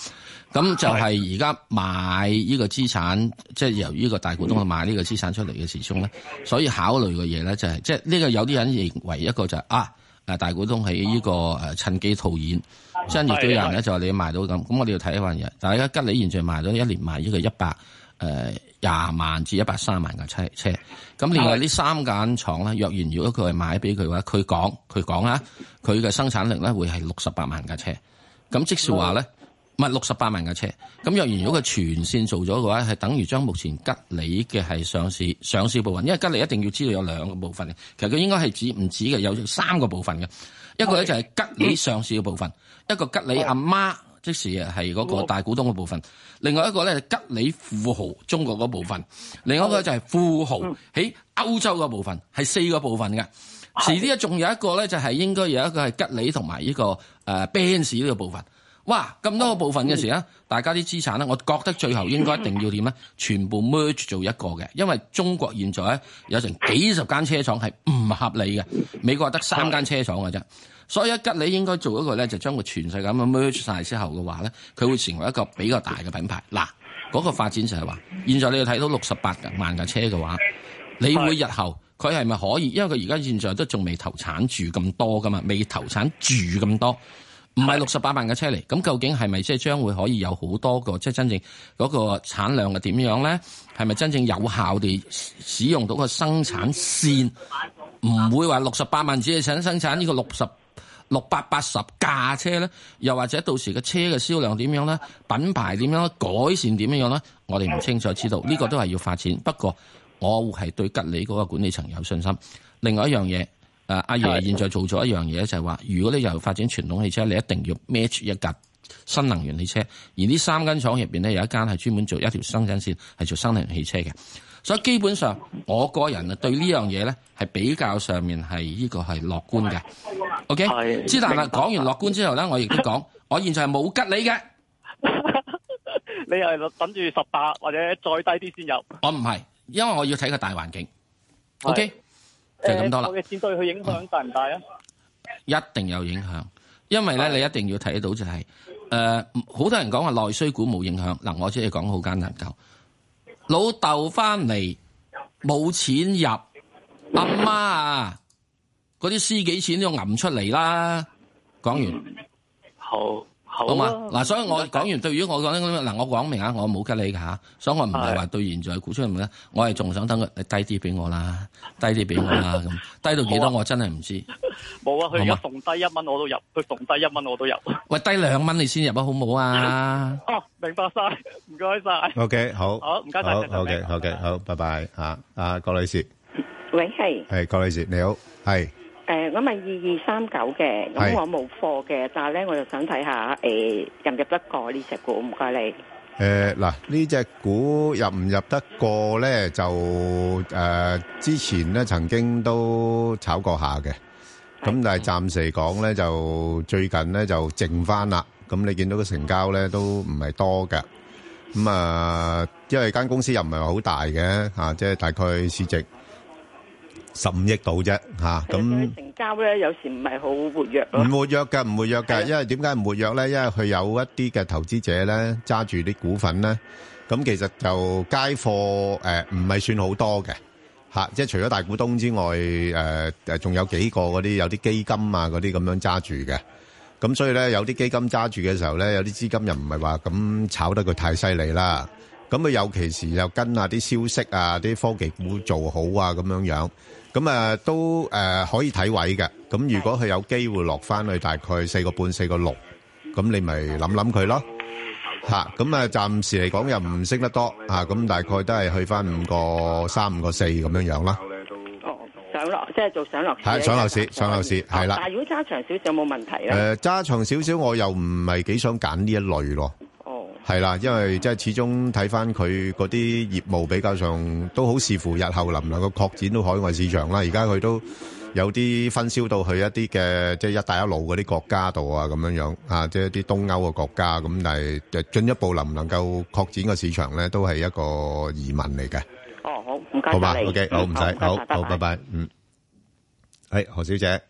咁就係而家買呢個資產，即、就、係、是、由呢個大股東去買呢個資產出嚟嘅時鐘咧。所以考慮嘅嘢咧就係、是，即係呢個有啲人認為一個就係、是、啊，大股東喺呢、這個、啊、趁機套現，商、啊、業對人咧、啊、就係你買到咁。咁、啊、我哋要睇一樣嘢。但係而家吉利現在賣咗一年賣呢個一百誒廿萬至一百三萬架車，咁另外呢三間廠咧，若然如果佢係買俾佢嘅話，佢講佢講啊，佢嘅生產力咧會係六十八萬架車。咁即是話咧。啊六十八萬架車，咁若然如果佢全線做咗嘅話，係等於將目前吉利嘅係上市上市部分，因為吉利一定要知道有兩個部分嘅，其實佢應該係指唔止嘅，有三個部分嘅。一個咧就係吉利上市嘅部分，一個吉利阿媽，即時係嗰個大股東嘅部分，另外一個咧吉利富豪中國嗰部分，另外一個就係富豪喺歐洲嗰部分，係四個部分嘅。遲啲咧仲有一個咧就係應該有一個係吉利同埋呢個誒賓士呢個部分。哇！咁多個部分嘅時候，嗯、大家啲資產咧，我覺得最後應該一定要點咧，全部 merge 做一個嘅，因為中國現在有成幾十間車廠係唔合理嘅，美國得三間車廠嘅啫，所以一吉利應該做一個咧，就將佢全世界咁樣 merge 晒之後嘅話咧，佢會成為一個比較大嘅品牌。嗱，嗰、嗰個發展就係話，現在你要睇到六十八萬架車嘅話，你會日後佢係咪可以？因為佢而家現在都仲未投產住咁多噶嘛，未投產住咁多。唔係六十八萬嘅車嚟，咁究竟係咪即係將會可以有好多個即係真正嗰個產量嘅點樣咧？係咪真正有效地使用到個生產線？唔會話六十八萬只係生產呢個六十六百八十架車咧？又或者到時個車嘅銷量點樣咧？品牌點樣咧？改善點樣樣咧？我哋唔清楚知道，呢、呢個都係要發展。不過我會係對吉利嗰個管理層有信心。另外一樣嘢。阿、啊、阿爺，爺現在做咗一樣嘢，就係話，如果你又發展傳統汽車，你一定要 match 一架新能源汽車。而呢三間廠入面呢，有一間係專門做一條生產線，係做新能源汽車嘅。所以基本上，我個人對呢樣嘢呢，係比較上面係呢個係樂觀嘅。OK，之但係講完樂觀之後呢，我亦都講， *laughs* 我現在係冇吉你嘅，你又係等住十八或者再低啲先入。我唔係，因為我要睇個大環境。OK。就咁多啦。我嘅錢對佢影響大唔大啊？一定有影響，因為咧你一定要睇到就係、是，誒、呃，好多人講話內需股冇影響。嗱、呃，我即係講好簡單教，老豆翻嚟冇錢入，阿媽啊，嗰啲私己錢都要揞出嚟啦。講完，好。好嘛？嗱，所以我講完，對於我講咧嗱，我講明啊，我冇吉你噶吓，所以我唔係話對現在股出嚟咧，我係仲想等佢低啲俾我啦，低啲俾我啦，咁低到幾多我真係唔知。冇啊，佢而家逢低一蚊我都入，佢逢低一蚊我都入。喂，低兩蚊你先入啊，好唔好啊？哦，明白晒，唔該晒。OK，好。好，唔該晒。OK，OK，好，拜拜。吓，阿郭女士。喂，係。係，郭女士，你好。係。誒，我咪二二三九嘅，咁我冇貨嘅，但係咧，我就想睇下誒入唔入得過呢隻股？唔該你。誒嗱，呢隻股入唔入得過咧？就誒之前咧曾經都炒過下嘅，咁但係暫時嚟講咧，就最近咧就靜翻啦。咁你見到個成交咧都唔係多嘅，咁啊，因為間公司又唔係話好大嘅吓，即係大概市值，十五億度啫，嚇，咁成交咧，有時唔係好活躍咯，唔活躍㗎，唔活躍㗎，因為點解唔活躍咧？因為佢有一啲嘅投資者咧，揸住啲股份咧，咁其實就街貨誒唔係算好多嘅嚇，即係除咗大股東之外，誒誒仲有幾個嗰啲有啲基金啊嗰啲咁樣揸住嘅咁，所以咧有啲基金揸住嘅時候咧，有啲資金又唔係話咁炒得佢太犀利啦。咁佢有其時又跟下啲消息啊，啲科技股做好啊，咁樣樣。咁啊，都誒可以睇位嘅。咁如果佢有機會落翻去大概四個半、四個六，咁你咪諗諗佢咯。嚇，咁啊，暫時嚟講又唔升得多啊。咁大概都係去翻五個三、五個四咁樣樣啦。哦，上落即係做上落市。係上落市，上落市係啦。但係如果揸長少少有冇問題咧？誒，揸長少少我又唔係幾想揀呢一類咯。係啦，因為即係始終睇翻佢嗰啲業務比較上都好視乎日後能唔能夠擴展到海外市場啦。而家佢都有啲分銷到去一啲嘅，即係一帶一路嗰啲國家度啊，咁樣樣啊，即係一啲東歐嘅國家咁。但係就進一步能唔能夠擴展個市場咧，都係一個疑問嚟嘅。哦，好唔該，好嘛，OK，好唔使，好好，拜拜，嗯，誒，何小姐。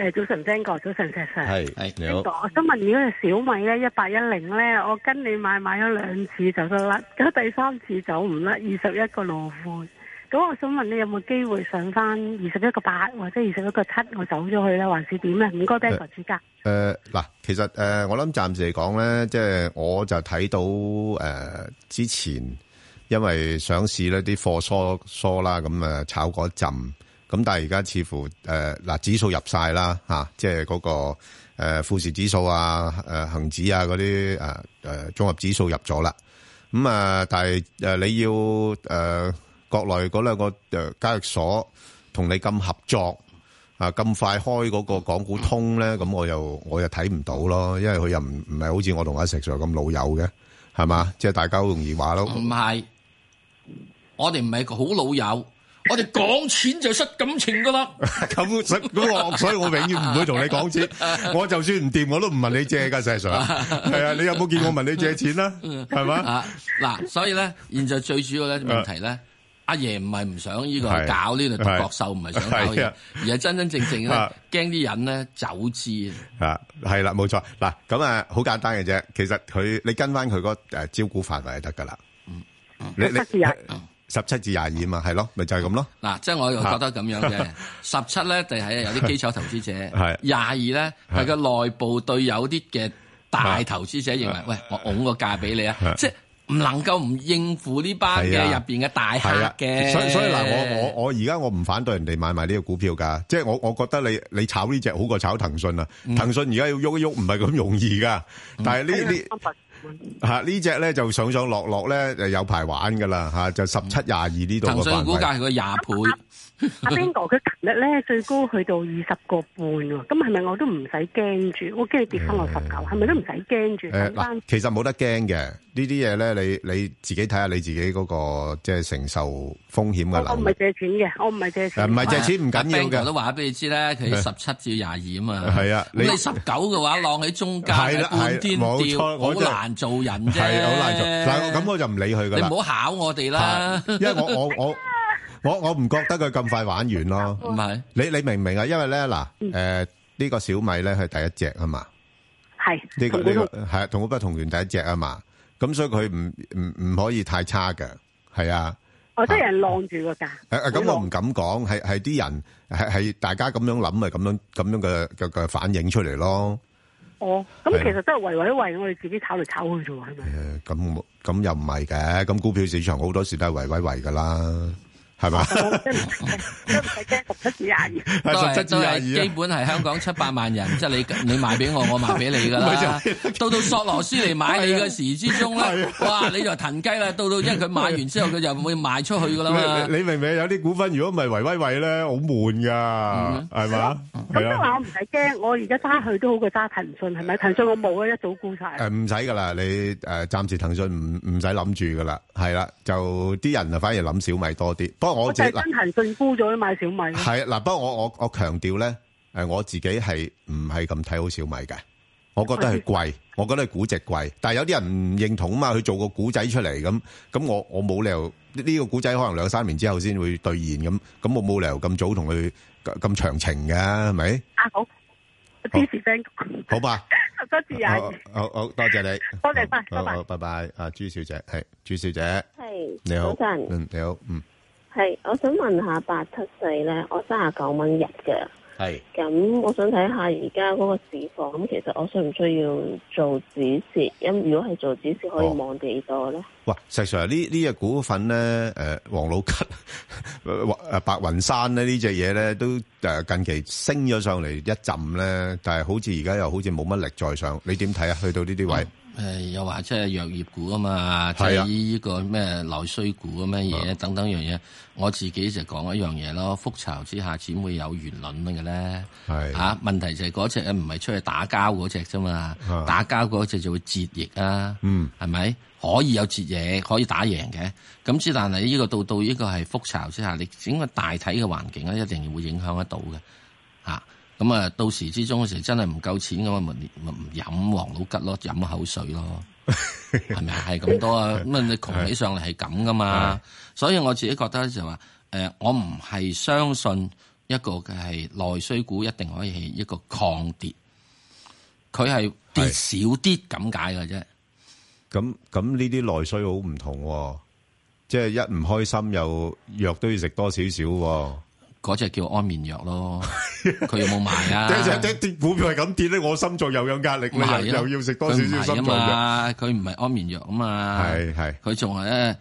誒早晨，Daniel，早晨石石，係我想問如果小米咧一八一零咧，我跟你買買咗兩次走得甩，咁第三次走唔甩，二十一個羅盤，咁我想問你有冇機會上返二十一個八或者二十一個七？我走咗去咧，還是點咧？唔該，Daniel 先生。嗱、嗯呃，其實誒、呃、我諗暫時嚟講咧，即、就、係、是、我就睇到誒、呃、之前因為上市咧啲貨疏疏啦，咁誒炒嗰陣。咁但係而家似乎誒嗱、呃、指數入晒啦吓，即係嗰、那個誒、呃、富時指數啊誒恒、呃、指啊嗰啲誒誒綜合指數入咗啦。咁啊，但係誒、呃、你要誒、呃、國內嗰兩個交易、呃、所同你咁合作啊咁快開嗰個港股通咧，咁我又我又睇唔到咯，因為佢又唔唔係好似我同阿石 Sir 咁老友嘅，係嘛？即係大家好容易話咯。唔係，我哋唔係好老友。我哋講錢就失感情噶啦， *laughs* 咁咁以我所以我永遠唔會同你講錢， *laughs* 我就算唔掂我都唔問你借噶，Sir，係啊， *laughs* 你有冇見過我問你借錢啦？係咪？嗱、啊啊，所以咧，現在最主要咧問題咧，阿爺唔係唔想呢、這個搞呢個獨角獸唔係想搞嘢，而係真真正正咧驚啲人咧走資啊，係啦，冇錯，嗱咁啊，好、啊啊、簡單嘅啫，其實佢你跟翻佢嗰誒招股範圍就得噶啦，嗯，你、啊、你。啊十七至廿二嘛，係、啊、咯，咪就係咁咯。嗱、啊，即、就、係、是、我又覺得咁樣嘅。十七咧，就係有啲基礎投資者；廿二咧，係個內部對有啲嘅大投資者認為，啊、喂，我拱個價俾你啊！即係唔能夠唔應付呢班嘅入邊嘅大客嘅。所以，所以嗱，我我我而家我唔反對人哋買埋呢個股票㗎。即、就、係、是、我我覺得你你炒呢隻好過炒騰訊啊。騰訊而家要喐一喐，唔係咁容易㗎、嗯。但係呢呢。嗯吓、啊、呢隻咧，就上上落落咧，就有排玩噶啦吓，就十七廿二呢度個估計係佢廿倍。阿 bingo 佢琴日咧最高去到二十個半喎，咁係咪我都唔使驚住？我驚你跌翻落十九，係咪都唔使驚住？其實冇得驚嘅呢啲嘢咧，你你自己睇下你自己嗰個即係承受風險嘅能力。我唔係借錢嘅，我唔係借錢。唔係借錢唔緊要嘅。bingo 都話咗俾你知啦，佢十七至廿二啊嘛。係啊，咁你十九嘅話晾喺中間半天吊，好難做人啫。好難做嗱，咁我就唔理佢噶啦。你唔好考我哋啦，因為我我我。我我唔覺得佢咁快玩完咯，唔係你你明唔明啊？因為咧嗱，誒呢個小米咧係第一隻啊嘛，係呢個係啊同股不同權第一隻啊嘛，咁所以佢唔唔唔可以太差㗎，係啊。哦，即係晾住個價。誒誒，咁我唔敢講，係係啲人係係大家咁樣諗咪，咁樣咁樣嘅嘅嘅反映出嚟咯。哦，咁其實都係圍威喂，我哋自己炒嚟炒去啫喎，係咪？誒，咁咁又唔係嘅，咁股票市場好多時都係圍威喂噶啦。係嘛？都唔使驚，十七至廿二，都係都係基本係香港七百萬人，即係你你賣俾我，我賣俾你噶啦。到到索羅斯嚟買你嘅時之中咧，哇！你就騰雞啦。到到因為佢買完之後，佢就會賣出去噶啦嘛。你明唔明？有啲股份如果唔係維威位咧，好悶噶，係咪啊？咁即係話我唔使驚，我而家揸佢都好過揸騰訊，係咪？騰訊我冇啊，一早沽晒。誒，唔使噶啦，你誒，暫時騰訊唔唔使諗住噶啦，係啦，就啲人就，反而諗小米多啲。我就真係信心高咗買小米。係嗱，不過我我我強調咧，誒，我自己係唔係咁睇好小米嘅。我覺得係貴，我覺得係估值貴。但係有啲人唔認同嘛，佢做個故仔出嚟，咁咁，我我冇理由呢個故仔可能兩三年之後先會兌現咁，咁我冇理由咁早同佢咁長情嘅，係咪？啊，好，B B friend，好吧。好多謝啊，我我多謝你，多謝，拜拜，拜拜，阿朱小姐係，朱小姐係，你好，早晨，嗯，你好，嗯。係，我想問一下八七四咧，我三廿九蚊入嘅，係，咁我想睇下而家嗰個市況，咁其實我需唔需要做止蝕？因為如果係做止蝕，可以望幾多咧，哦？哇，石 Sir 呢呢隻股份咧，誒、呃，王老吉，誒白雲山咧呢隻嘢咧都誒近期升咗上嚟一浸咧，但係好似而家又好似冇乜力再上，你點睇啊？去到呢啲位？嗯誒、哎，又話即係藥業股啊嘛，即係依個咩內需股咁咩嘢，等等樣嘢、啊。我自己就講一樣嘢咯，覆巢之下怎會有完卵嘅咧？係啊、啊啊、問題就係嗰隻唔係出去打交嗰隻啫嘛，打交嗰隻就會折翼啊。嗯，係咪可以有折翼，可以打贏嘅？咁之但係呢個到到呢個係覆巢之下，你整個大體嘅環境咧，一定會影響得到嘅。咁啊，到時之中嘅時真係唔夠錢嘅話，咪咪唔飲黃老吉咯，飲口水咯，係咪係咁多啊？咁啊，你窮起上嚟係咁噶嘛是是？所以我自己覺得就話，誒，我唔係相信一個嘅係內需股一定可以係一個抗跌，佢係跌少啲咁解㗎啫。咁咁呢啲內需好唔同，即係一唔開心又藥都要食多少少。嗰、那、隻、個、叫安眠藥咯，佢 *laughs* 有冇賣啊？跌股票係咁跌咧，我心臟又有壓力咧、啊，又要食多少少、啊、心臟藥。佢唔係安眠藥啊嘛，係係，佢仲係咧，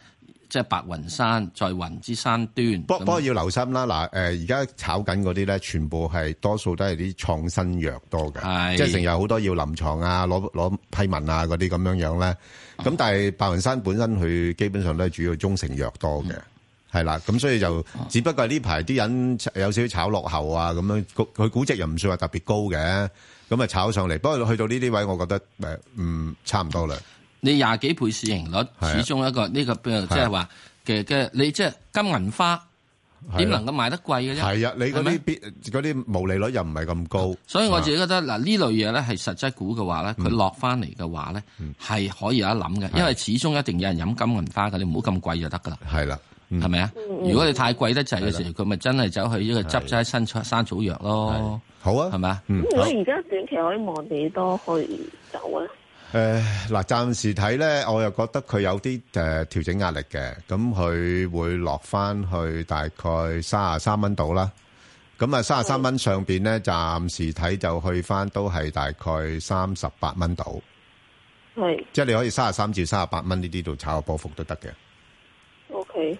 即係、就是、白雲山在雲之山端。不不過要留心啦，嗱，誒，而家炒緊嗰啲咧，全部係多數都係啲創新藥多嘅，即係成日好多要臨床啊，攞攞批文啊，嗰啲咁樣樣咧。咁、啊、但係白雲山本身佢基本上都係主要中成藥多嘅。嗯係啦，咁所以就，只不過呢排啲人有少少炒落後啊，咁樣佢估值又唔算話特別高嘅，咁啊炒上嚟。不過去到呢啲位，我覺得唔、嗯、差唔多啦。你廿幾倍市盈率，始終一個呢個，即係話嘅嘅，你即係金銀花點能夠賣得貴嘅啫？係啊，你嗰啲嗰啲毛利率又唔係咁高。所以我自己覺得嗱，呢類嘢咧係實質股嘅話咧，佢落翻嚟嘅話咧，係、嗯、可以有一諗嘅，因為始終一定有人飲金銀花㗎。你唔好咁貴就得噶啦。係啦。係咪啊？如果你太貴得滯嘅時候，佢、嗯、咪真係走去一個執齋新草生草藥咯。好啊，係咪啊？咁我而家短期可以望幾多去走啊？誒，嗱、嗯，暫、呃、時睇咧，我又覺得佢有啲誒調整壓力嘅，咁佢會落翻去大概卅三蚊度啦。咁啊，卅三蚊上邊咧，暫時睇就去翻都係大概三十八蚊度。係，即係你可以卅三至卅八蚊呢啲度炒下波幅都得嘅。O、okay、K。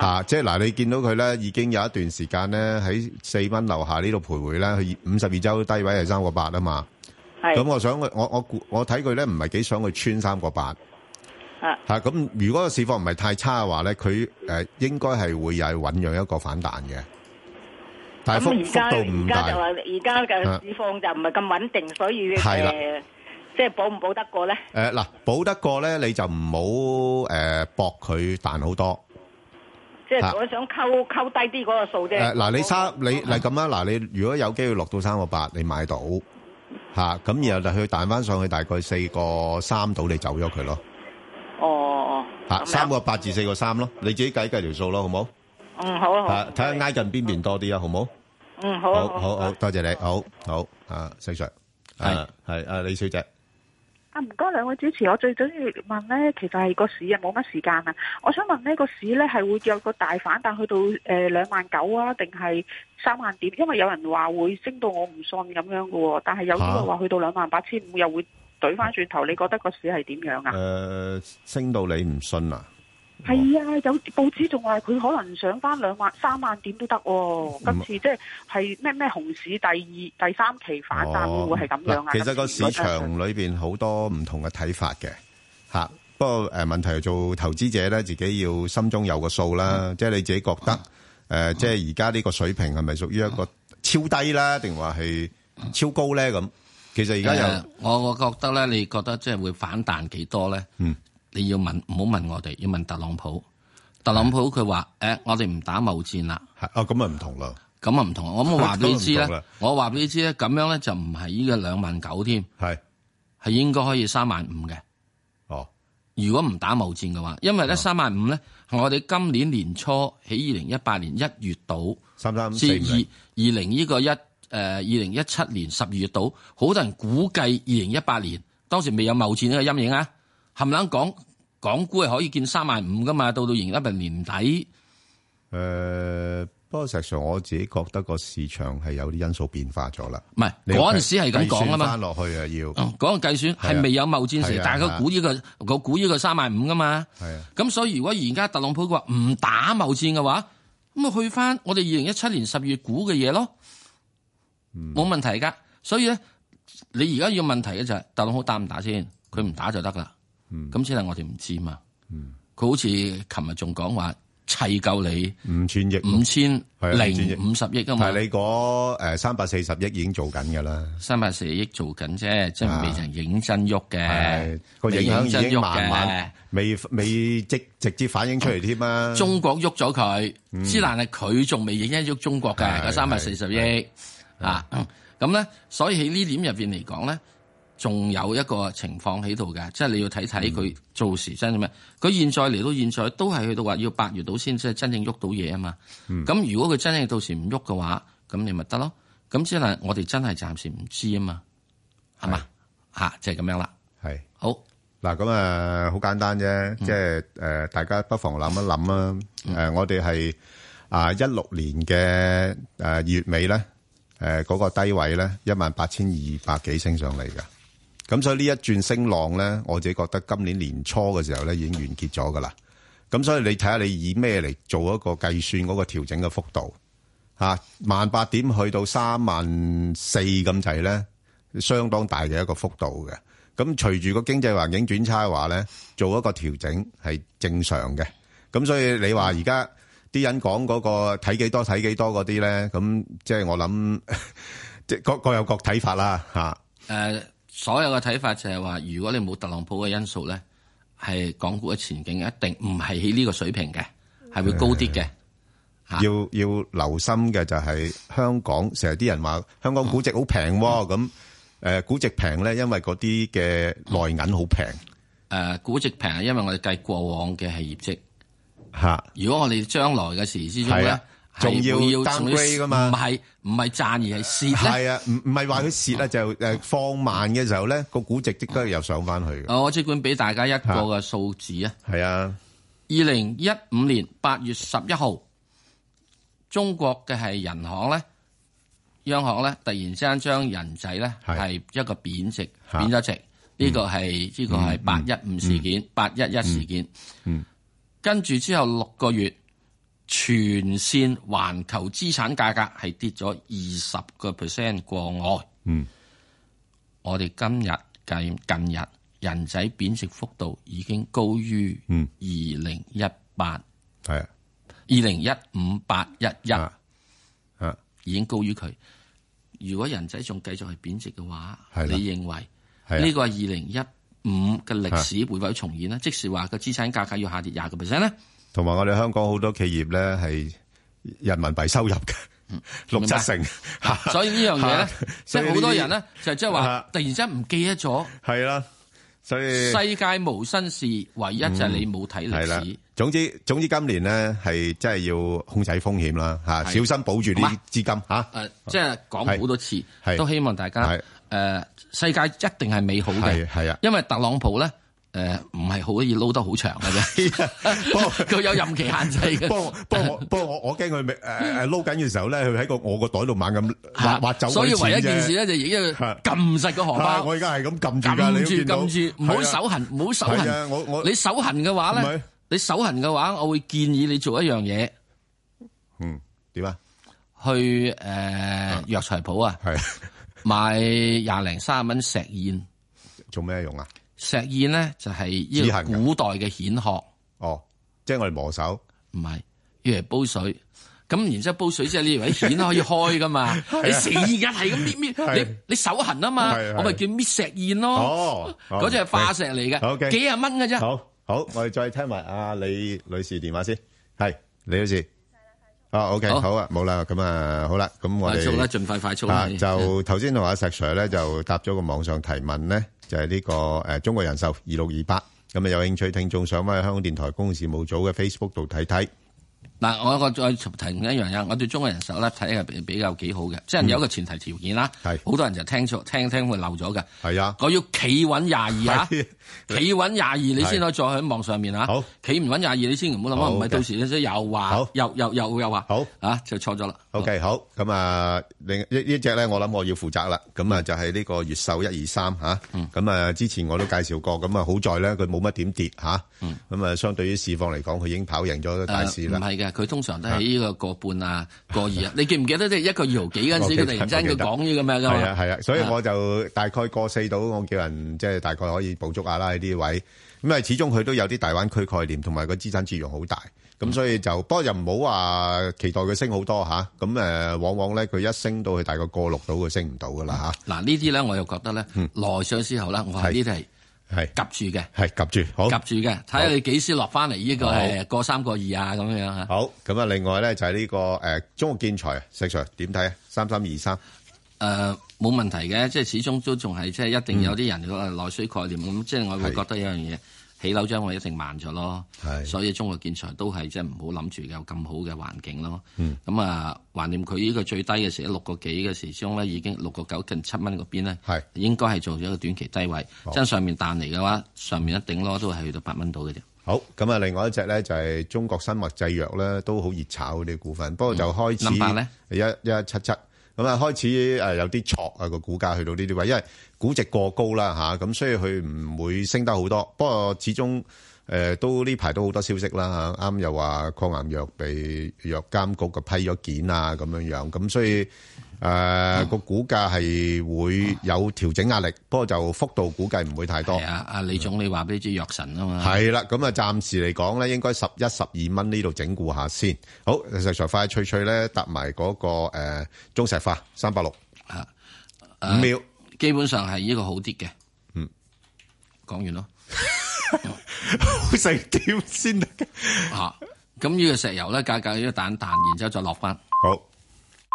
嚇、啊！即係嗱，你見到佢咧，已經有一段時間咧喺四蚊樓下呢度徘徊呢，佢五十二周低位係三個八啊嘛。咁我想我我我睇佢咧，唔係幾想去穿三個八。咁、啊啊、如果個市況唔係太差嘅話咧，佢誒、呃、應該係會係醞釀一個反彈嘅。但係而家而家就話，而家嘅市況就唔係咁穩定，啊、所以誒，即、呃、係保唔保得過咧？誒、啊、嗱，保得過咧，你就唔好誒搏佢彈好多。即係我想溝溝低啲嗰個數啫。嗱，你三你嗱咁啊，嗱你如果有機會落到三個八，你買到吓，咁然後就去彈翻上去大概四個三到，你走咗佢咯。哦哦。吓，三個八至四個三咯，你自己計計條數咯，好冇？嗯，好。吓，睇下挨近邊邊多啲啊，好冇？嗯，好。好好好多謝你，好好啊，四叔係係啊，李小姐。啊唔該，兩位主持我最緊要問咧，其實係個市啊冇乜時間啊，我想問呢個市咧係會叫個大反彈去到誒兩萬九啊，定係三萬點？因為有人話會升到我唔信咁樣嘅喎，但係有啲人話去到兩萬八千五又會懟返轉頭，你覺得個市係點樣啊？誒、呃，升到你唔信啊？係、哦、啊，有報紙仲話佢可能上翻兩萬、三萬點都得、哦嗯。今次即係咩咩熊市第二、第三期反彈會係咁樣啊？哦、其實個市場裏邊好多唔同嘅睇法嘅吓、嗯。不過誒、呃，問題係做投資者咧，自己要心中有個數啦。嗯、即係你自己覺得誒、嗯呃，即係而家呢個水平係咪屬於一個超低啦，定話係超高咧？咁、嗯、其實而家有。我、呃、我覺得咧，你覺得即係會反彈幾多咧？嗯。你要問唔好問我哋，要問特朗普。特朗普佢話，誒、哎，我哋唔打貿戰啦、哦。啊，咁啊唔同啦。咁啊唔同，我咁話俾你知咧。我話俾你知咧，咁樣咧就唔係呢個兩萬九添，係係應該可以三萬五嘅。哦，如果唔打貿戰嘅話，因為咧三萬五咧，我哋今年年初喺二零一八年一月到，三三至二二零呢個一誒二零一七年十二月到，好多人估計二零一八年當時未有貿戰呢個陰影啊。冚冷講港股係可以見三萬五噶嘛？到到二零一八年底，誒、呃，不過實際上我自己覺得個市場係有啲因素變化咗啦。唔係嗰陣時係咁講啊、這個、啊個嘛，翻落去啊要，講個計算係未有貿易戰，但係佢估呢個，我估呢個三萬五噶嘛。係啊，咁所以如果而家特朗普話唔打貿易戰嘅話，咁啊去翻我哋二零一七年十月估嘅嘢咯，冇、嗯、問題噶。所以咧，你而家要問題嘅就係、是、特朗普打唔打先？佢唔打就得噶啦。咁只係我哋唔知嘛，佢好似琴日仲講話砌夠你五千億五千零五十億啊嘛，但係你嗰誒三百四十億已經做緊㗎喇，三百四十億做緊啫，即係未曾認真喐嘅，個影響已經慢慢未未直直接反映出嚟添啊！中國喐咗佢，之難係佢仲未認真喐中國嘅嗰三百四十億啊，咁咧，所以喺呢點入邊嚟講咧。仲有一個情況喺度嘅，即係你要睇睇佢做時真係咩。佢、嗯、現在嚟到現在都係去到話要八月到先即係真正喐到嘢啊嘛。咁、嗯、如果佢真係到時唔喐嘅話，咁你咪得咯。咁只能我哋真係暫時唔知啊嘛，係嘛吓，就係、是、咁樣啦。係好嗱，咁啊好簡單啫，即、嗯、係、就是呃、大家不妨諗一諗啦、嗯呃。我哋係啊一六年嘅、呃、月尾咧，嗰、呃那個低位咧一萬八千二百幾升上嚟㗎。咁所以呢一轉升浪咧，我自己覺得今年年初嘅時候咧已經完結咗㗎喇。咁所以你睇下，你以咩嚟做一個計算嗰個調整嘅幅度嚇？萬八點去到三萬四咁滯咧，相當大嘅一個幅度嘅。咁隨住個經濟環境轉差嘅話咧，做一個調整係正常嘅。咁所以你話而家啲人講嗰個睇幾多睇幾多嗰啲咧，咁即係我諗即係各各有各睇法啦吓、uh 所有嘅睇法就係、是、話，如果你冇特朗普嘅因素咧，係港股嘅前景一定唔係喺呢個水平嘅，係會高啲嘅、呃啊。要要留心嘅就係、是、香港成日啲人話香港估值好平，咁誒估值平咧，因為嗰啲嘅內銀好平。誒、呃，估值平係因為我哋計過往嘅係業績吓。如果我哋將來嘅時之中咧。仲要 downgrade 噶嘛？唔係唔係賺而係蝕咧？係啊，唔唔係話佢蝕啊，啊就誒放慢嘅時候咧，個估值即刻又上翻去嘅。我即管俾大家一個嘅數字啊。係啊，二零一五年八月十一號，中國嘅係人行咧、央行咧突然之間將人仔咧係一個貶值、貶、啊、咗值。呢、啊這個係呢、嗯這個係八一五事件、八一一事件。嗯，跟住、嗯嗯、之後六個月。全線環球資產價格係跌咗二十個 percent，過外，嗯，我哋今日近近日人仔貶值幅度已經高於嗯二零一八係二零一五八一一啊，啊已經高於佢。如果人仔仲繼續係貶值嘅話，係、啊、你認為呢個二零一五嘅歷史會否重現呢？啊、即時話個資產價格要下跌廿個 percent 呢？同埋我哋香港好多企業咧係人民幣收入嘅，六七成。所以呢樣嘢咧，即係好多人咧就即係話突然之間唔記得咗。係啦，所以世界無新事，唯一就係你冇睇歷史。總之總之今年咧係真係要控制風險啦，吓小心保住呢啲資金吓。誒，即係講好多次，都希望大家誒，世界一定係美好嘅。係啊，因為特朗普咧。誒，唔係好可以撈得好長嘅啫，不過佢有任期限制嘅。不過，不過，不過我我驚佢誒誒撈緊嘅時候咧，佢喺個我個袋度猛咁挖走嘅錢嘅。所以唯一一件事咧，就而家撳實個荷包。我而家係咁撳住噶，你要見到。撳住撳住，唔好手痕，唔好手痕。你手痕嘅話咧，你手痕嘅話，我會建議你做一樣嘢。嗯，點啊？去誒藥材鋪啊，買廿零三十蚊石燕，做咩用啊？石燕咧就係、是、個古代嘅蜆殼，哦，即係我哋磨手，唔係要嚟煲水，咁然之後煲水之後你以為蜆可以開噶嘛？ *laughs* 你成日係咁搣搣，你你手痕啊嘛，我咪叫搣石燕咯。嗰隻係化石嚟嘅，哦、okay, 幾十蚊嘅啫。好，好，我哋再聽埋阿李 *laughs* 女士電話先，係李女士，哦，OK，好啊，冇啦，咁啊，好啦，咁、嗯、我哋快速啦，盡快快速、啊、就頭先同阿石 Sir 咧就答咗個網上提問咧。就係、是、呢、這個誒、呃、中國人壽二六二八，咁啊有興趣聽眾上翻香港電台公事務組嘅 Facebook 度睇睇。嗱，我一個再提一樣嘢，我對中國人壽咧睇係比較幾好嘅，即係有一個前提條件啦。係、嗯，好多人就聽錯聽聽會漏咗嘅。係啊，我要企穩廿二啊。 *laughs* 企穩廿二，你先可以再喺網上面吓。企唔穩廿二，22，你先唔好諗啦，唔係到時又話又又又又話。好，好啊，就錯咗啦。OK，好咁啊，另一隻咧，我諗我要負責啦。咁、嗯、啊，就係呢個越秀一二三吓。咁、嗯、啊、嗯嗯嗯，之前我都介紹過，咁、嗯、啊，好在咧，佢冇乜點跌吓。咁啊，相對於市況嚟講，佢已經跑贏咗大市啦。唔係嘅，佢通常都喺呢個過半啊，啊，過二啊。 *laughs* 你記唔記得即係一個二毫幾嗰陣時， *laughs* okay，突然之間佢講呢個咩噶？係啊係啊，所以我就大概過四到，我叫人即係大概可以捕捉。啊。拉啲位，咁啊始終佢都有啲大灣區概念，同埋個資產自用好大，咁、嗯、所以就，不過又唔好話期待佢升好多吓，咁、啊、誒，往往咧佢一升到佢大概過六到，佢升唔到噶啦吓。嗱呢啲咧，我又覺得咧，內、嗯、上之後咧，我話呢啲係係夾住嘅，係夾住，夾住嘅，睇下佢幾時落翻嚟呢個係過三個二啊咁樣好，咁啊，另外咧就係呢、這個誒、呃，中國建材石 Sir 點睇啊？三三二三。誒、呃、冇問題嘅，即係始終都仲係即係一定有啲人嘅內需概念咁、嗯，即係我會覺得有樣嘢起樓將會一定慢咗咯。係，所以中國建材都係即係唔好諗住有咁好嘅環境咯。嗯，咁啊懷念佢呢個最低嘅時候，六個幾嘅時，終咧已經六個九近七蚊嗰邊咧，係應該係做咗一個短期低位。哦、真上面彈嚟嘅話，上面一定咯都係去到八蚊度嘅啫。好，咁啊，另外一隻咧就係中國生物製藥咧，都好熱炒啲股份，不過就開始一、嗯、一,一,一七七。咁啊，開始誒有啲挫啊，個股價去到呢啲位，因為估值過高啦嚇，咁所以佢唔會升得好多。不過始終誒、呃、都呢排都好多消息啦嚇，啱又話抗癌藥被藥監局嘅批咗件啊咁樣樣，咁所以。誒、呃，個股價係會有調整壓力，啊，不過就幅度估計唔會太多。係啊，阿李總你話俾啲藥神啊嘛。係啦，咁啊，暫時嚟講咧，應該十一、十二蚊呢度整固下先。好，石材快脆脆咧，搭埋嗰個誒、呃，中石化三百六啊，五秒、啊，基本上係呢個好啲嘅。嗯，講完咯， *laughs* 好食點先啊？吓，咁呢個石油咧，價格呢個蛋彈，然之後再落翻。好。